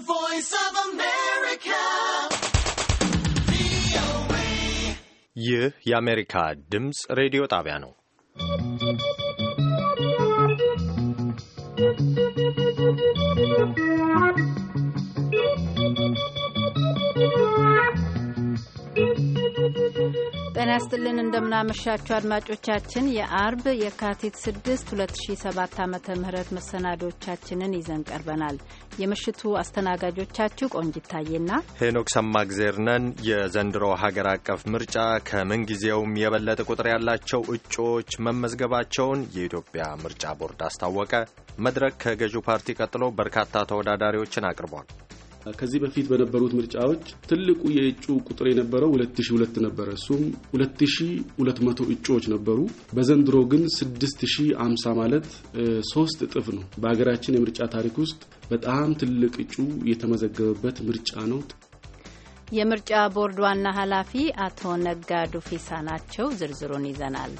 The Voice of America. ይህ የአሜሪካ ድምፅ ሬዲዮ ጣቢያ ነው። ጤና ይስጥልን እንደምናመሻችሁ አድማጮቻችን የአርብ የካቲት 6 2007 ዓ ም መሰናዶቻችንን ይዘን ቀርበናል። የምሽቱ አስተናጋጆቻችሁ ቆንጅ ታዬና ሄኖክ ሰማግዜር ነን። የዘንድሮ ሀገር አቀፍ ምርጫ ከምንጊዜውም የበለጠ ቁጥር ያላቸው እጩዎች መመዝገባቸውን የኢትዮጵያ ምርጫ ቦርድ አስታወቀ። መድረክ ከገዢው ፓርቲ ቀጥሎ በርካታ ተወዳዳሪዎችን አቅርቧል። ከዚህ በፊት በነበሩት ምርጫዎች ትልቁ የእጩ ቁጥር የነበረው 2002 ነበረ። እሱም 2200 እጩዎች ነበሩ። በዘንድሮ ግን 6050 ማለት ሶስት እጥፍ ነው። በሀገራችን የምርጫ ታሪክ ውስጥ በጣም ትልቅ እጩ የተመዘገበበት ምርጫ ነው። የምርጫ ቦርድ ዋና ኃላፊ አቶ ነጋ ዱፊሳ ናቸው። ዝርዝሩን ይዘናል።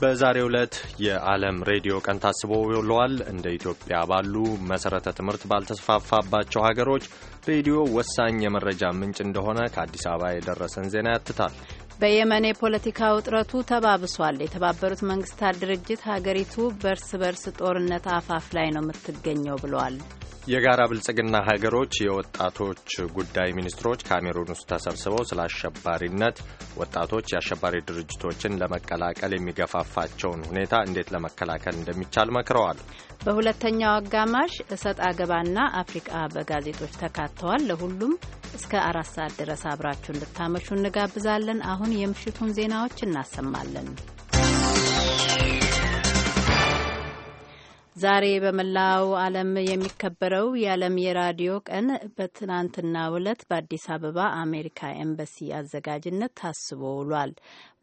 በዛሬው ዕለት የዓለም ሬዲዮ ቀን ታስቦ ውሏል። እንደ ኢትዮጵያ ባሉ መሠረተ ትምህርት ባልተስፋፋባቸው ሀገሮች ሬዲዮ ወሳኝ የመረጃ ምንጭ እንደሆነ ከአዲስ አበባ የደረሰን ዜና ያትታል። በየመን የፖለቲካ ውጥረቱ ተባብሷል። የተባበሩት መንግስታት ድርጅት ሀገሪቱ በርስ በርስ ጦርነት አፋፍ ላይ ነው የምትገኘው ብለዋል። የጋራ ብልጽግና ሀገሮች የወጣቶች ጉዳይ ሚኒስትሮች ካሜሩን ውስጥ ተሰብስበው ስለ አሸባሪነት ወጣቶች የአሸባሪ ድርጅቶችን ለመቀላቀል የሚገፋፋቸውን ሁኔታ እንዴት ለመከላከል እንደሚቻል መክረዋል። በሁለተኛው አጋማሽ እሰጥ አገባና አፍሪቃ በጋዜጦች ተካተዋል። ለሁሉም እስከ አራት ሰዓት ድረስ አብራችሁ እንድታመሹ እንጋብዛለን። አሁን የምሽቱን ዜናዎች እናሰማለን። ዛሬ በመላው ዓለም የሚከበረው የዓለም የራዲዮ ቀን በትናንትና ዕለት በአዲስ አበባ አሜሪካ ኤምባሲ አዘጋጅነት ታስቦ ውሏል።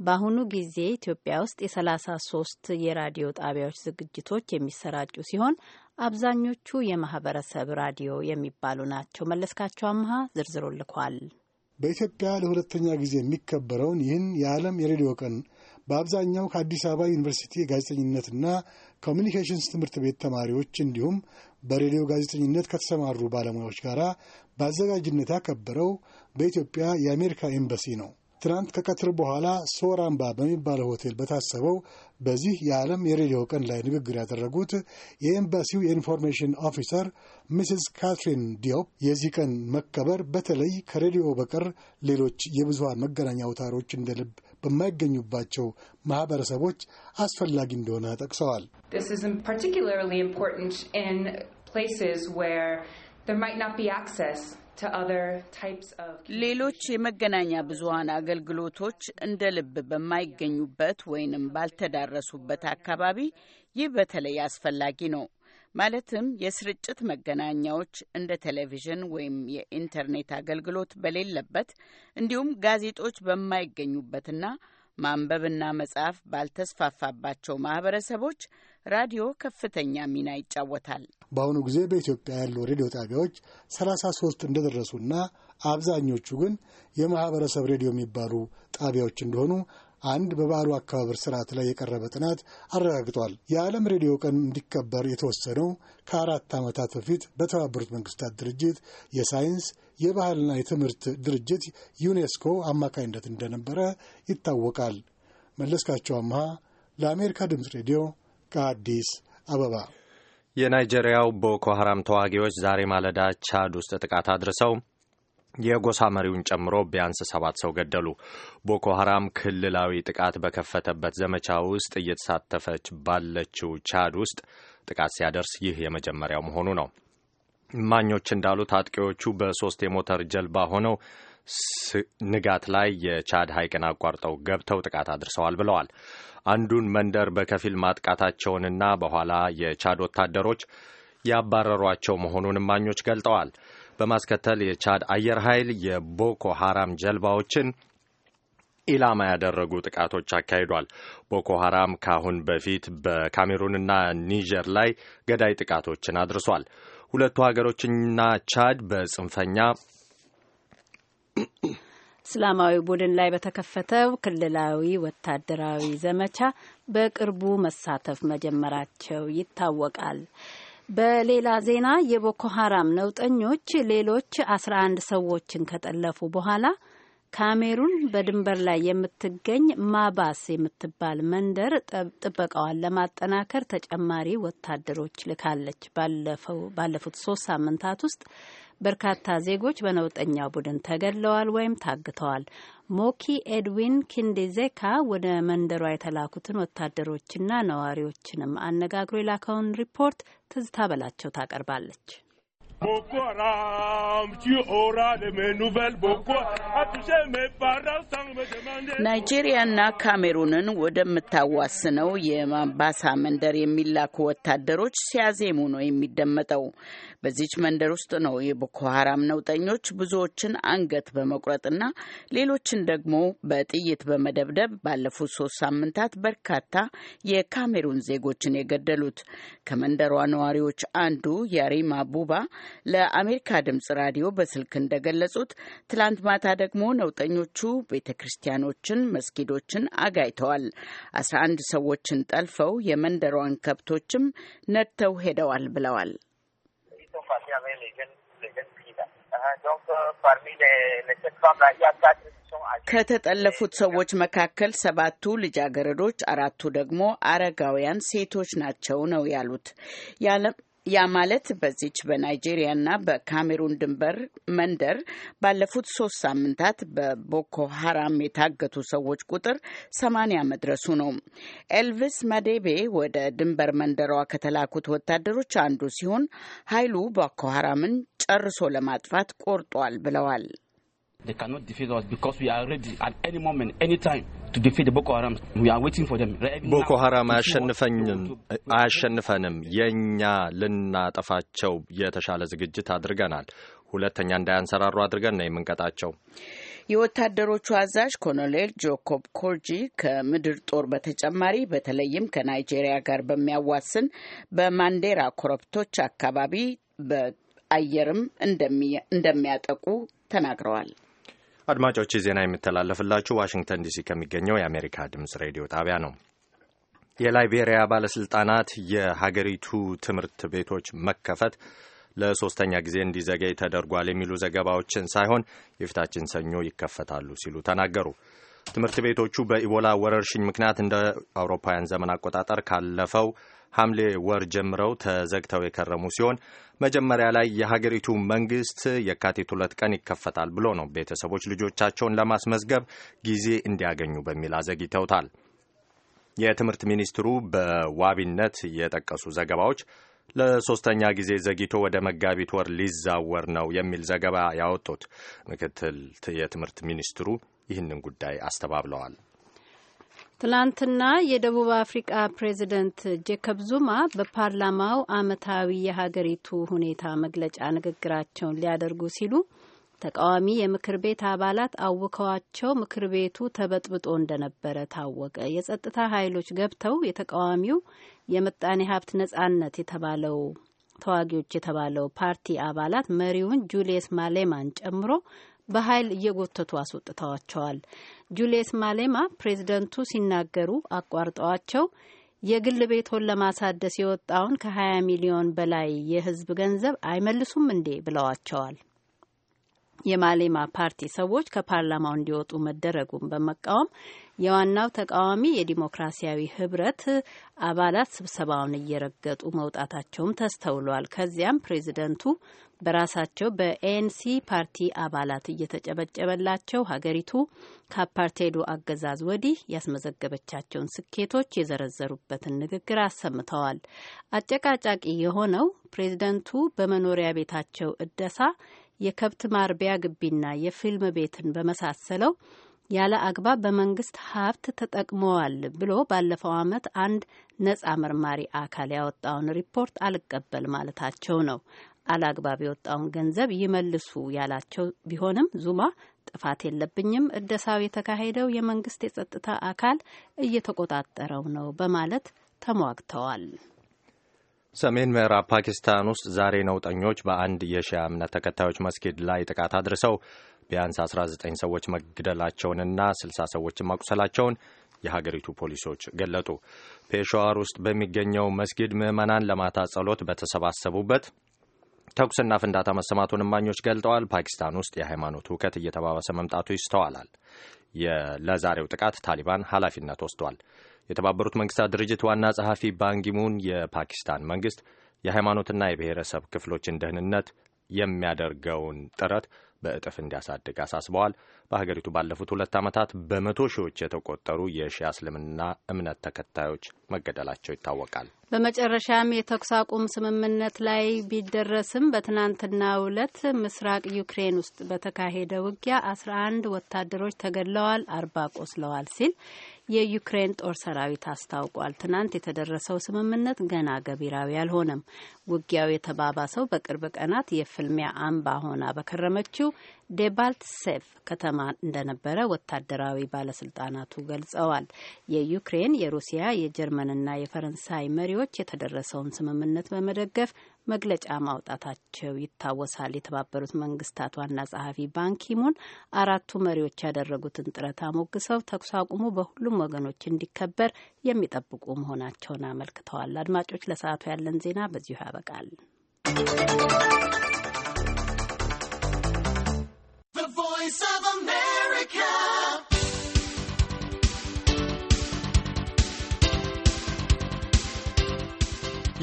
በአሁኑ ጊዜ ኢትዮጵያ ውስጥ የሰላሳ ሶስት የራዲዮ ጣቢያዎች ዝግጅቶች የሚሰራጩ ሲሆን አብዛኞቹ የማህበረሰብ ራዲዮ የሚባሉ ናቸው። መለስካቸው አምሃ ዝርዝሮ ልኳል። በኢትዮጵያ ለሁለተኛ ጊዜ የሚከበረውን ይህን የዓለም የሬዲዮ ቀን በአብዛኛው ከአዲስ አበባ ዩኒቨርሲቲ ጋዜጠኝነትና ኮሚኒኬሽንስ ትምህርት ቤት ተማሪዎች እንዲሁም በሬዲዮ ጋዜጠኝነት ከተሰማሩ ባለሙያዎች ጋር በአዘጋጅነት ያከበረው በኢትዮጵያ የአሜሪካ ኤምባሲ ነው። ትናንት ከቀትር በኋላ ሶራምባ በሚባለው ሆቴል በታሰበው በዚህ የዓለም የሬዲዮ ቀን ላይ ንግግር ያደረጉት የኤምባሲው የኢንፎርሜሽን ኦፊሰር ሚስስ ካትሪን ዲዮፕ የዚህ ቀን መከበር በተለይ ከሬዲዮ በቀር ሌሎች የብዙሃን መገናኛ አውታሮች እንደ ልብ በማይገኙባቸው ማህበረሰቦች አስፈላጊ እንደሆነ ጠቅሰዋል። This is particularly important in places where there might not be access to other types of ሌሎች የመገናኛ ብዙኃን አገልግሎቶች እንደ ልብ በማይገኙበት ወይንም ባልተዳረሱበት አካባቢ ይህ በተለይ አስፈላጊ ነው። ማለትም የስርጭት መገናኛዎች እንደ ቴሌቪዥን ወይም የኢንተርኔት አገልግሎት በሌለበት እንዲሁም ጋዜጦች በማይገኙበትና ማንበብና መጻፍ ባልተስፋፋባቸው ማህበረሰቦች ራዲዮ ከፍተኛ ሚና ይጫወታል። በአሁኑ ጊዜ በኢትዮጵያ ያሉ ሬዲዮ ጣቢያዎች ሰላሳ እንደደረሱና አብዛኞቹ ግን የማህበረሰብ ሬዲዮ የሚባሉ ጣቢያዎች እንደሆኑ አንድ በበዓሉ አከባበር ስርዓት ላይ የቀረበ ጥናት አረጋግጧል። የዓለም ሬዲዮ ቀን እንዲከበር የተወሰነው ከአራት ዓመታት በፊት በተባበሩት መንግስታት ድርጅት የሳይንስ የባህልና የትምህርት ድርጅት ዩኔስኮ አማካኝነት እንደነበረ ይታወቃል። መለስካቸው አምሃ ለአሜሪካ ድምፅ ሬዲዮ ከአዲስ አበባ የናይጄሪያው ቦኮ ሀራም ተዋጊዎች ዛሬ ማለዳ ቻድ ውስጥ ጥቃት አድርሰው የጎሳ መሪውን ጨምሮ ቢያንስ ሰባት ሰው ገደሉ። ቦኮ ሀራም ክልላዊ ጥቃት በከፈተበት ዘመቻ ውስጥ እየተሳተፈች ባለችው ቻድ ውስጥ ጥቃት ሲያደርስ ይህ የመጀመሪያው መሆኑ ነው። እማኞች እንዳሉት አጥቂዎቹ በሶስት የሞተር ጀልባ ሆነው ንጋት ላይ የቻድ ሐይቅን አቋርጠው ገብተው ጥቃት አድርሰዋል ብለዋል። አንዱን መንደር በከፊል ማጥቃታቸውንና በኋላ የቻድ ወታደሮች ያባረሯቸው መሆኑን እማኞች ገልጠዋል። በማስከተል የቻድ አየር ኃይል የቦኮ ሐራም ጀልባዎችን ኢላማ ያደረጉ ጥቃቶች አካሂዷል። ቦኮ ሐራም ካሁን በፊት በካሜሩንና ኒጀር ላይ ገዳይ ጥቃቶችን አድርሷል። ሁለቱ ሀገሮችና ቻድ በጽንፈኛ እስላማዊ ቡድን ላይ በተከፈተው ክልላዊ ወታደራዊ ዘመቻ በቅርቡ መሳተፍ መጀመራቸው ይታወቃል። በሌላ ዜና የቦኮ ሀራም ነውጠኞች ሌሎች አስራ አንድ ሰዎችን ከጠለፉ በኋላ ካሜሩን በድንበር ላይ የምትገኝ ማባስ የምትባል መንደር ጥበቃዋን ለማጠናከር ተጨማሪ ወታደሮች ልካለች። ባለፈው ባለፉት ሶስት ሳምንታት ውስጥ በርካታ ዜጎች በነውጠኛ ቡድን ተገድለዋል ወይም ታግተዋል። ሞኪ ኤድዊን ኪንዴዜካ ወደ መንደሯ የተላኩትን ወታደሮችና ነዋሪዎችንም አነጋግሮ የላከውን ሪፖርት ትዝታ በላቸው ታቀርባለች። Boko Haram, tu auras de mes nouvelles Boko Haram. mes parents sans me demander. ናይጄሪያና ካሜሩንን ወደምታዋስነው የማምባሳ መንደር የሚላኩ ወታደሮች ሲያዜሙ ነው የሚደመጠው። በዚች መንደር ውስጥ ነው የቦኮ ሀራም ነውጠኞች ብዙዎችን አንገት በመቁረጥና ሌሎችን ደግሞ በጥይት በመደብደብ ባለፉት ሶስት ሳምንታት በርካታ የካሜሩን ዜጎችን የገደሉት። ከመንደሯ ነዋሪዎች አንዱ ያሪማ ቡባ ለአሜሪካ ድምጽ ራዲዮ በስልክ እንደገለጹት ትላንት ማታ ደግሞ ነውጠኞቹ ቤተ ክርስቲያኖችን፣ መስጊዶችን አጋይተዋል። አስራ አንድ ሰዎችን ጠልፈው የመንደሯን ከብቶችም ነድተው ሄደዋል ብለዋል። ከተጠለፉት ሰዎች መካከል ሰባቱ ልጃገረዶች፣ አራቱ ደግሞ አረጋውያን ሴቶች ናቸው ነው ያሉት። ያ ማለት በዚች በናይጄሪያና በካሜሩን ድንበር መንደር ባለፉት ሶስት ሳምንታት በቦኮ ሀራም የታገቱ ሰዎች ቁጥር ሰማንያ መድረሱ ነው። ኤልቪስ መዴቤ ወደ ድንበር መንደሯ ከተላኩት ወታደሮች አንዱ ሲሆን ኃይሉ ቦኮ ሀራምን ጨርሶ ለማጥፋት ቆርጧል ብለዋል። They cannot defeat us because we are ready at any moment, any time. ቦኮ ሀራም አያሸንፈንም። የእኛ ልናጠፋቸው የተሻለ ዝግጅት አድርገናል። ሁለተኛ እንዳያንሰራሩ አድርገን ነው የምንቀጣቸው። የወታደሮቹ አዛዥ ኮሎኔል ጆኮብ ኮርጂ ከምድር ጦር በተጨማሪ በተለይም ከናይጄሪያ ጋር በሚያዋስን በማንዴራ ኮረብቶች አካባቢ በአየርም እንደሚያጠቁ ተናግረዋል። አድማጮች ዜና የሚተላለፍላችሁ ዋሽንግተን ዲሲ ከሚገኘው የአሜሪካ ድምፅ ሬዲዮ ጣቢያ ነው። የላይቤሪያ ባለስልጣናት የሀገሪቱ ትምህርት ቤቶች መከፈት ለሶስተኛ ጊዜ እንዲዘገይ ተደርጓል የሚሉ ዘገባዎችን ሳይሆን የፊታችን ሰኞ ይከፈታሉ ሲሉ ተናገሩ። ትምህርት ቤቶቹ በኢቦላ ወረርሽኝ ምክንያት እንደ አውሮፓውያን ዘመን አቆጣጠር ካለፈው ሐምሌ ወር ጀምረው ተዘግተው የከረሙ ሲሆን መጀመሪያ ላይ የሀገሪቱ መንግስት የካቲት ሁለት ቀን ይከፈታል ብሎ ነው ቤተሰቦች ልጆቻቸውን ለማስመዝገብ ጊዜ እንዲያገኙ በሚል አዘግይተውታል። የትምህርት ሚኒስትሩ በዋቢነት የጠቀሱ ዘገባዎች ለሶስተኛ ጊዜ ዘግይቶ ወደ መጋቢት ወር ሊዛወር ነው የሚል ዘገባ ያወጡት ምክትል የትምህርት ሚኒስትሩ ይህንን ጉዳይ አስተባብለዋል። ትላንትና የደቡብ አፍሪቃ ፕሬዚደንት ጄኮብ ዙማ በፓርላማው አመታዊ የሀገሪቱ ሁኔታ መግለጫ ንግግራቸውን ሊያደርጉ ሲሉ ተቃዋሚ የምክር ቤት አባላት አውከዋቸው ምክር ቤቱ ተበጥብጦ እንደነበረ ታወቀ። የጸጥታ ኃይሎች ገብተው የተቃዋሚው የምጣኔ ሀብት ነጻነት የተባለው ተዋጊዎች የተባለው ፓርቲ አባላት መሪውን ጁልየስ ማሌማን ጨምሮ በኃይል እየጎተቱ አስወጥተዋቸዋል። ጁልየስ ማሌማ ፕሬዝደንቱ ሲናገሩ አቋርጠዋቸው የግል ቤቶን ለማሳደስ የወጣውን ከ20 ሚሊዮን በላይ የህዝብ ገንዘብ አይመልሱም እንዴ ብለዋቸዋል። የማሌማ ፓርቲ ሰዎች ከፓርላማው እንዲወጡ መደረጉን በመቃወም የዋናው ተቃዋሚ የዲሞክራሲያዊ ህብረት አባላት ስብሰባውን እየረገጡ መውጣታቸውም ተስተውሏል። ከዚያም ፕሬዚደንቱ በራሳቸው በኤንሲ ፓርቲ አባላት እየተጨበጨበላቸው ሀገሪቱ ከአፓርቴዱ አገዛዝ ወዲህ ያስመዘገበቻቸውን ስኬቶች የዘረዘሩበትን ንግግር አሰምተዋል። አጨቃጫቂ የሆነው ፕሬዝደንቱ በመኖሪያ ቤታቸው እደሳ የከብት ማርቢያ ግቢና የፊልም ቤትን በመሳሰለው ያለ አግባብ በመንግስት ሀብት ተጠቅመዋል ብሎ ባለፈው ዓመት አንድ ነጻ መርማሪ አካል ያወጣውን ሪፖርት አልቀበል ማለታቸው ነው። አላግባብ የወጣውን ገንዘብ ይመልሱ ያላቸው ቢሆንም ዙማ ጥፋት የለብኝም፣ እደሳው የተካሄደው የመንግስት የጸጥታ አካል እየተቆጣጠረው ነው በማለት ተሟግተዋል። ሰሜን ምዕራብ ፓኪስታን ውስጥ ዛሬ ነውጠኞች በአንድ የሺያ እምነት ተከታዮች መስጊድ ላይ ጥቃት አድርሰው ቢያንስ 19 ሰዎች መግደላቸውንና 60 ሰዎችን ማቁሰላቸውን የሀገሪቱ ፖሊሶች ገለጡ። ፔሸዋር ውስጥ በሚገኘው መስጊድ ምዕመናን ለማታ ጸሎት በተሰባሰቡበት ተኩስና ፍንዳታ መሰማቱን እማኞች ገልጠዋል። ፓኪስታን ውስጥ የሃይማኖት ሁከት እየተባባሰ መምጣቱ ይስተዋላል። ለዛሬው ጥቃት ታሊባን ኃላፊነት ወስዷል። የተባበሩት መንግስታት ድርጅት ዋና ጸሐፊ ባንኪሙን የፓኪስታን መንግስት የሃይማኖትና የብሔረሰብ ክፍሎችን ደህንነት የሚያደርገውን ጥረት በእጥፍ እንዲያሳድግ አሳስበዋል። በሀገሪቱ ባለፉት ሁለት ዓመታት በመቶ ሺዎች የተቆጠሩ የሺያ እስልምና እምነት ተከታዮች መገደላቸው ይታወቃል። በመጨረሻም የተኩስ አቁም ስምምነት ላይ ቢደረስም በትናንትና ዕለት ምስራቅ ዩክሬን ውስጥ በተካሄደ ውጊያ አስራ አንድ ወታደሮች ተገድለዋል፣ አርባ ቆስለዋል ሲል የዩክሬን ጦር ሰራዊት አስታውቋል። ትናንት የተደረሰው ስምምነት ገና ገቢራዊ አልሆነም። ውጊያው የተባባሰው በቅርብ ቀናት የፍልሚያ አምባ ሆና በከረመችው ዴባልትሴቭ ከተማ እንደነበረ ወታደራዊ ባለስልጣናቱ ገልጸዋል። የዩክሬን፣ የሩሲያ፣ የጀርመንና የፈረንሳይ መሪዎች የተደረሰውን ስምምነት በመደገፍ መግለጫ ማውጣታቸው ይታወሳል። የተባበሩት መንግስታት ዋና ጸሐፊ ባንኪሙን አራቱ መሪዎች ያደረጉትን ጥረት አሞግሰው ተኩስ አቁሙ በሁሉም ወገኖች እንዲከበር የሚጠብቁ መሆናቸውን አመልክተዋል። አድማጮች፣ ለሰዓቱ ያለን ዜና በዚሁ ያበቃል። Voice of America.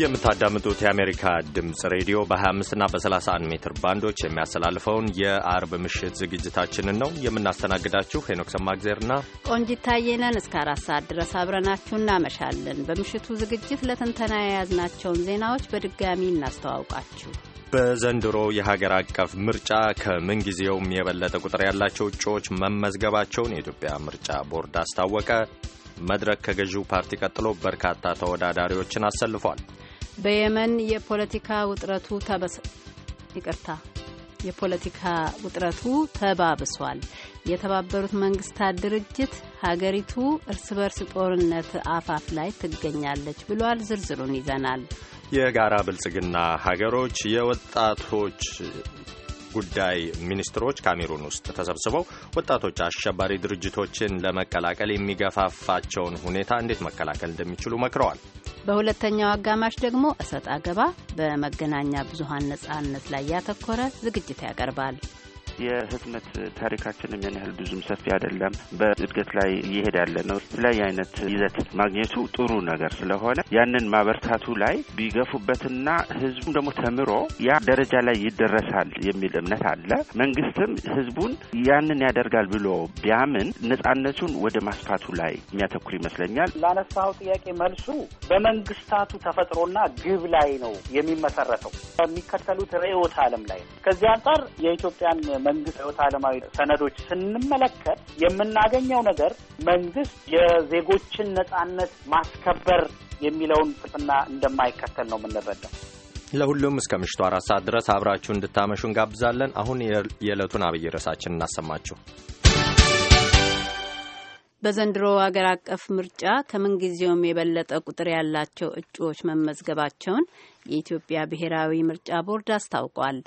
የምታዳምጡት የአሜሪካ ድምፅ ሬዲዮ በ25 እና በ31 ሜትር ባንዶች የሚያስተላልፈውን የአርብ ምሽት ዝግጅታችንን ነው የምናስተናግዳችሁ። ሄኖክ ሰማግዜርና ቆንጂት ታየ እስከ አራት ሰዓት ድረስ አብረናችሁ እናመሻለን። በምሽቱ ዝግጅት ለትንተና የያዝናቸውን ዜናዎች በድጋሚ እናስተዋውቃችሁ። በዘንድሮ የሀገር አቀፍ ምርጫ ከምንጊዜውም የበለጠ ቁጥር ያላቸው እጩዎች መመዝገባቸውን የኢትዮጵያ ምርጫ ቦርድ አስታወቀ። መድረክ ከገዢው ፓርቲ ቀጥሎ በርካታ ተወዳዳሪዎችን አሰልፏል። በየመን የፖለቲካ ውጥረቱ ተበሰ ይቅርታ የፖለቲካ ውጥረቱ ተባብሷል። የተባበሩት መንግስታት ድርጅት ሀገሪቱ እርስ በርስ ጦርነት አፋፍ ላይ ትገኛለች ብሏል። ዝርዝሩን ይዘናል። የጋራ ብልጽግና ሀገሮች የወጣቶች ጉዳይ ሚኒስትሮች ካሜሩን ውስጥ ተሰብስበው ወጣቶች አሸባሪ ድርጅቶችን ለመቀላቀል የሚገፋፋቸውን ሁኔታ እንዴት መከላከል እንደሚችሉ መክረዋል። በሁለተኛው አጋማሽ ደግሞ እሰጥ አገባ በመገናኛ ብዙሀን ነጻነት ላይ ያተኮረ ዝግጅት ያቀርባል። የህትመት ታሪካችን ያን ያህል ብዙም ሰፊ አይደለም። በእድገት ላይ እየሄድ ያለ ነው። የተለያየ አይነት ይዘት ማግኘቱ ጥሩ ነገር ስለሆነ ያንን ማበርታቱ ላይ ቢገፉበትና ህዝቡም ደግሞ ተምሮ ያ ደረጃ ላይ ይደረሳል የሚል እምነት አለ። መንግስትም ህዝቡን ያንን ያደርጋል ብሎ ቢያምን ነጻነቱን ወደ ማስፋቱ ላይ የሚያተኩር ይመስለኛል። ላነሳው ጥያቄ መልሱ በመንግስታቱ ተፈጥሮና ግብ ላይ ነው የሚመሰረተው፣ የሚከተሉት ርዕዮተ ዓለም ላይ ከዚህ አንጻር የኢትዮጵያን መንግስት ህይወት አለማዊ ሰነዶች ስንመለከት የምናገኘው ነገር መንግስት የዜጎችን ነጻነት ማስከበር የሚለውን ፍልስፍና እንደማይከተል ነው የምንረዳው። ለሁሉም እስከ ምሽቱ አራት ሰዓት ድረስ አብራችሁ እንድታመሹ እንጋብዛለን። አሁን የዕለቱን አብይ ርዕሳችን እናሰማችሁ። በዘንድሮ አገር አቀፍ ምርጫ ከምንጊዜውም የበለጠ ቁጥር ያላቸው እጩዎች መመዝገባቸውን የኢትዮጵያ ብሔራዊ ምርጫ ቦርድ አስታውቋል።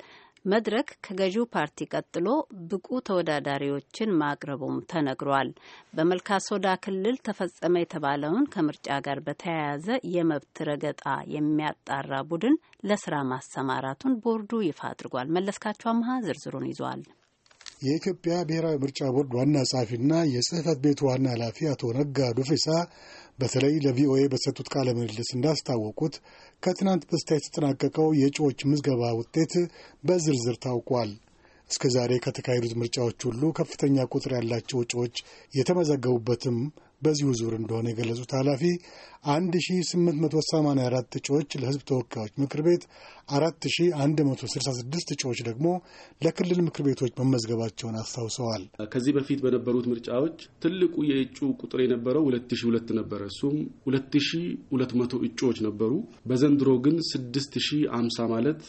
መድረክ ከገዢው ፓርቲ ቀጥሎ ብቁ ተወዳዳሪዎችን ማቅረቡም ተነግሯል። በመልካሶዳ ክልል ተፈጸመ የተባለውን ከምርጫ ጋር በተያያዘ የመብት ረገጣ የሚያጣራ ቡድን ለስራ ማሰማራቱን ቦርዱ ይፋ አድርጓል። መለስካቸው አመሀ ዝርዝሩን ይዟል። የኢትዮጵያ ብሔራዊ ምርጫ ቦርድ ዋና ጸሐፊና የጽህፈት ቤቱ ዋና ኃላፊ አቶ ነጋ ዱፌሳ በተለይ ለቪኦኤ በሰጡት ቃለ ምልልስ እንዳስታወቁት ከትናንት በስቲያ የተጠናቀቀው የእጩዎች ምዝገባ ውጤት በዝርዝር ታውቋል። እስከ ዛሬ ከተካሄዱት ምርጫዎች ሁሉ ከፍተኛ ቁጥር ያላቸው እጩዎች የተመዘገቡበትም በዚሁ ዙር እንደሆነ የገለጹት ኃላፊ 1884 እጩዎች ለህዝብ ተወካዮች ምክር ቤት፣ 4166 እጩዎች ደግሞ ለክልል ምክር ቤቶች መመዝገባቸውን አስታውሰዋል። ከዚህ በፊት በነበሩት ምርጫዎች ትልቁ የእጩ ቁጥር የነበረው 2002 ነበረ። እሱም 2200 እጩዎች ነበሩ። በዘንድሮ ግን 6050 ማለት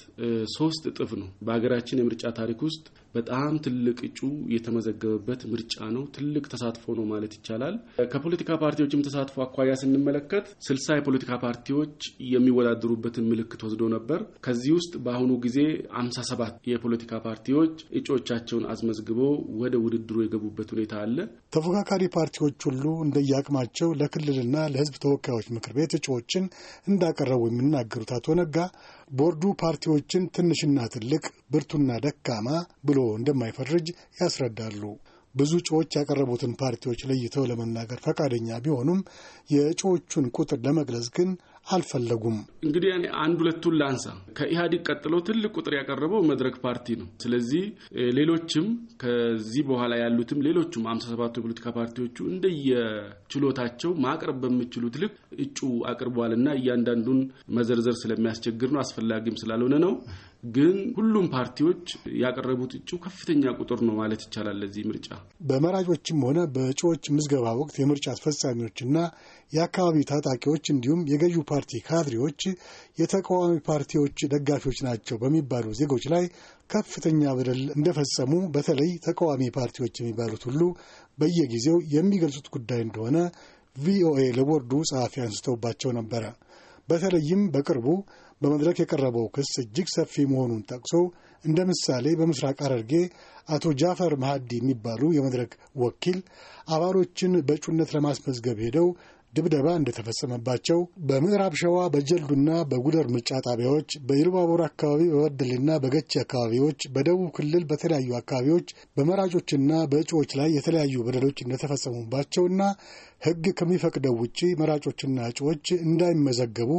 ሶስት እጥፍ ነው። በሀገራችን የምርጫ ታሪክ ውስጥ በጣም ትልቅ እጩ የተመዘገበበት ምርጫ ነው። ትልቅ ተሳትፎ ነው ማለት ይቻላል። ከፖለቲካ ፓርቲዎችም ተሳትፎ አኳያ ስንመለከት ምክንያት ስልሳ የፖለቲካ ፓርቲዎች የሚወዳደሩበትን ምልክት ወስዶ ነበር። ከዚህ ውስጥ በአሁኑ ጊዜ አምሳ ሰባት የፖለቲካ ፓርቲዎች እጩዎቻቸውን አስመዝግበው ወደ ውድድሩ የገቡበት ሁኔታ አለ። ተፎካካሪ ፓርቲዎች ሁሉ እንደየአቅማቸው ለክልልና ለሕዝብ ተወካዮች ምክር ቤት እጩዎችን እንዳቀረቡ የሚናገሩት አቶ ነጋ ቦርዱ ፓርቲዎችን ትንሽና ትልቅ፣ ብርቱና ደካማ ብሎ እንደማይፈርጅ ያስረዳሉ። ብዙ እጩዎች ያቀረቡትን ፓርቲዎች ለይተው ለመናገር ፈቃደኛ ቢሆኑም የእጩዎቹን ቁጥር ለመግለጽ ግን አልፈለጉም። እንግዲህ አንድ ሁለቱን ላንሳ። ከኢህአዲግ ቀጥሎ ትልቅ ቁጥር ያቀረበው መድረክ ፓርቲ ነው። ስለዚህ ሌሎችም ከዚህ በኋላ ያሉትም ሌሎቹም አምሳ ሰባቱ የፖለቲካ ፓርቲዎቹ እንደየችሎታቸው ማቅረብ በሚችሉት ልክ እጩ አቅርበዋል እና እያንዳንዱን መዘርዘር ስለሚያስቸግር ነው አስፈላጊም ስላልሆነ ነው። ግን ሁሉም ፓርቲዎች ያቀረቡት እጩ ከፍተኛ ቁጥር ነው ማለት ይቻላል። ለዚህ ምርጫ በመራጮችም ሆነ በእጩዎች ምዝገባ ወቅት የምርጫ አስፈጻሚዎችና የአካባቢ ታጣቂዎች እንዲሁም የገዢው ፓርቲ ካድሬዎች የተቃዋሚ ፓርቲዎች ደጋፊዎች ናቸው በሚባሉ ዜጎች ላይ ከፍተኛ በደል እንደፈጸሙ በተለይ ተቃዋሚ ፓርቲዎች የሚባሉት ሁሉ በየጊዜው የሚገልጹት ጉዳይ እንደሆነ ቪኦኤ ለቦርዱ ጸሐፊ አንስተውባቸው ነበረ። በተለይም በቅርቡ በመድረክ የቀረበው ክስ እጅግ ሰፊ መሆኑን ጠቅሶ እንደ ምሳሌ በምስራቅ ሐረርጌ አቶ ጃፈር መሀዲ የሚባሉ የመድረክ ወኪል አባሎችን በእጩነት ለማስመዝገብ ሄደው ድብደባ እንደተፈጸመባቸው በምዕራብ ሸዋ በጀልዱና በጉደር ምርጫ ጣቢያዎች፣ በኢሉባቡር አካባቢ በበደሌና በገቺ አካባቢዎች፣ በደቡብ ክልል በተለያዩ አካባቢዎች በመራጮችና በእጩዎች ላይ የተለያዩ በደሎች እንደተፈጸሙባቸውና ሕግ ከሚፈቅደው ውጪ መራጮችና እጩዎች እንዳይመዘገቡ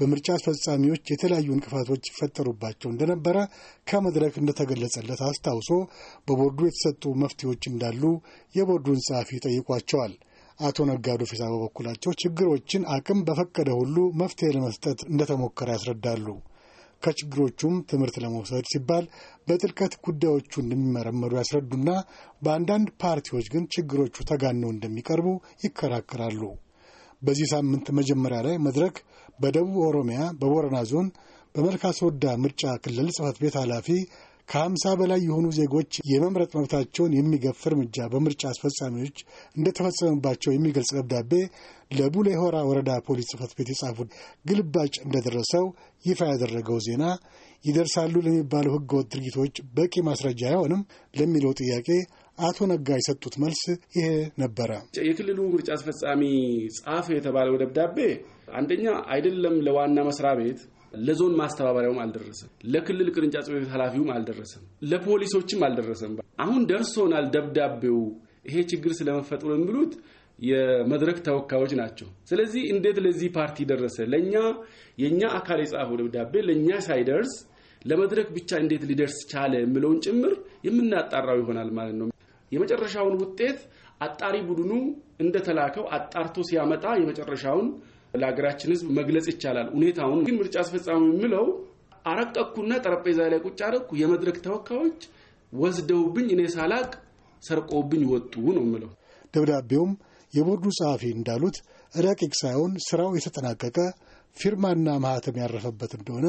በምርጫ አስፈጻሚዎች የተለያዩ እንቅፋቶች ይፈጠሩባቸው እንደነበረ ከመድረክ እንደተገለጸለት አስታውሶ በቦርዱ የተሰጡ መፍትሄዎች እንዳሉ የቦርዱን ጸሐፊ ጠይቋቸዋል። አቶ ነጋዱ ፊሳ በበኩላቸው ችግሮችን አቅም በፈቀደ ሁሉ መፍትሄ ለመስጠት እንደተሞከረ ያስረዳሉ። ከችግሮቹም ትምህርት ለመውሰድ ሲባል በጥልቀት ጉዳዮቹ እንደሚመረመሩ ያስረዱና በአንዳንድ ፓርቲዎች ግን ችግሮቹ ተጋነው እንደሚቀርቡ ይከራከራሉ። በዚህ ሳምንት መጀመሪያ ላይ መድረክ በደቡብ ኦሮሚያ በቦረና ዞን በመልካስወዳ ምርጫ ክልል ጽህፈት ቤት ኃላፊ ከአምሳ በላይ የሆኑ ዜጎች የመምረጥ መብታቸውን የሚገፍ እርምጃ በምርጫ አስፈጻሚዎች እንደተፈጸመባቸው የሚገልጽ ደብዳቤ ለቡሌ ሆራ ወረዳ ፖሊስ ጽፈት ቤት የጻፉት ግልባጭ እንደደረሰው ይፋ ያደረገው ዜና ይደርሳሉ ለሚባሉ ህገወጥ ድርጊቶች በቂ ማስረጃ አይሆንም ለሚለው ጥያቄ አቶ ነጋ የሰጡት መልስ ይሄ ነበረ። የክልሉ ምርጫ አስፈጻሚ ጻፈ የተባለው ደብዳቤ አንደኛ አይደለም ለዋና መስሪያ ቤት ለዞን ማስተባበሪያውም አልደረሰም፣ ለክልል ቅርንጫፍ ጽሕፈት ቤት ኃላፊውም አልደረሰም፣ ለፖሊሶችም አልደረሰም። አሁን ደርሶናል ደብዳቤው ይሄ ችግር ስለመፈጠሩ የሚሉት የመድረክ ተወካዮች ናቸው። ስለዚህ እንዴት ለዚህ ፓርቲ ደረሰ? ለእኛ የእኛ አካል የጻፈው ደብዳቤ ለእኛ ሳይደርስ ለመድረክ ብቻ እንዴት ሊደርስ ቻለ የሚለውን ጭምር የምናጣራው ይሆናል ማለት ነው። የመጨረሻውን ውጤት አጣሪ ቡድኑ እንደተላከው አጣርቶ ሲያመጣ የመጨረሻውን ለሀገራችን ህዝብ መግለጽ ይቻላል። ሁኔታውን ግን ምርጫ አስፈጻሚ የምለው አረቀኩና ጠረጴዛ ላይ ቁጭ አረኩ የመድረክ ተወካዮች ወስደውብኝ እኔ ሳላቅ ሰርቆብኝ ወጡ ነው የምለው። ደብዳቤውም የቦርዱ ጸሐፊ እንዳሉት ረቂቅ ሳይሆን ስራው የተጠናቀቀ ፊርማና ማህተም ያረፈበት እንደሆነ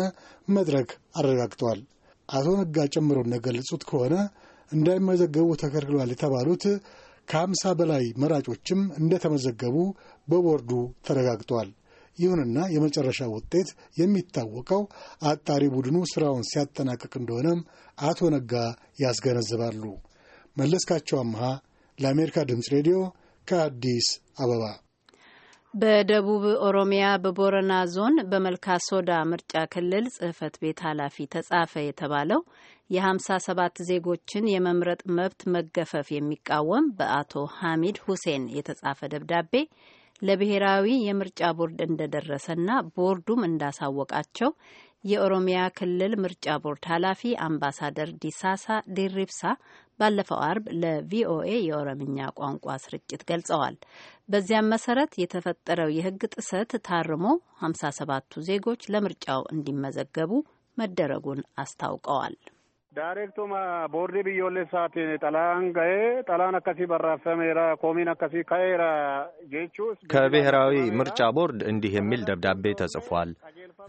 መድረክ አረጋግጠዋል። አቶ ነጋ ጨምረው እንደገለጹት ከሆነ እንዳይመዘገቡ ተከልክሏል የተባሉት ከአምሳ በላይ መራጮችም እንደተመዘገቡ በቦርዱ ተረጋግጧል። ይሁንና የመጨረሻ ውጤት የሚታወቀው አጣሪ ቡድኑ ስራውን ሲያጠናቅቅ እንደሆነም አቶ ነጋ ያስገነዝባሉ። መለስካቸው አምሃ ለአሜሪካ ድምፅ ሬዲዮ ከአዲስ አበባ በደቡብ ኦሮሚያ በቦረና ዞን በመልካሶዳ ምርጫ ክልል ጽህፈት ቤት ኃላፊ ተጻፈ የተባለው የ57 ዜጎችን የመምረጥ መብት መገፈፍ የሚቃወም በአቶ ሐሚድ ሁሴን የተጻፈ ደብዳቤ ለብሔራዊ የምርጫ ቦርድ እንደደረሰና ቦርዱም እንዳሳወቃቸው የኦሮሚያ ክልል ምርጫ ቦርድ ኃላፊ አምባሳደር ዲሳሳ ዲሪብሳ ባለፈው አርብ ለቪኦኤ የኦሮምኛ ቋንቋ ስርጭት ገልጸዋል። በዚያም መሰረት የተፈጠረው የህግ ጥሰት ታርሞ 57ቱ ዜጎች ለምርጫው እንዲመዘገቡ መደረጉን አስታውቀዋል። ዳይሬክቱ ቦርዲ ብዮሌ ሳቲን ጠላን ጠላን አካሲ በራፈሜራ ኮሚን አካሲ ከራ ጄቹስ ከብሔራዊ ምርጫ ቦርድ እንዲህ የሚል ደብዳቤ ተጽፏል፣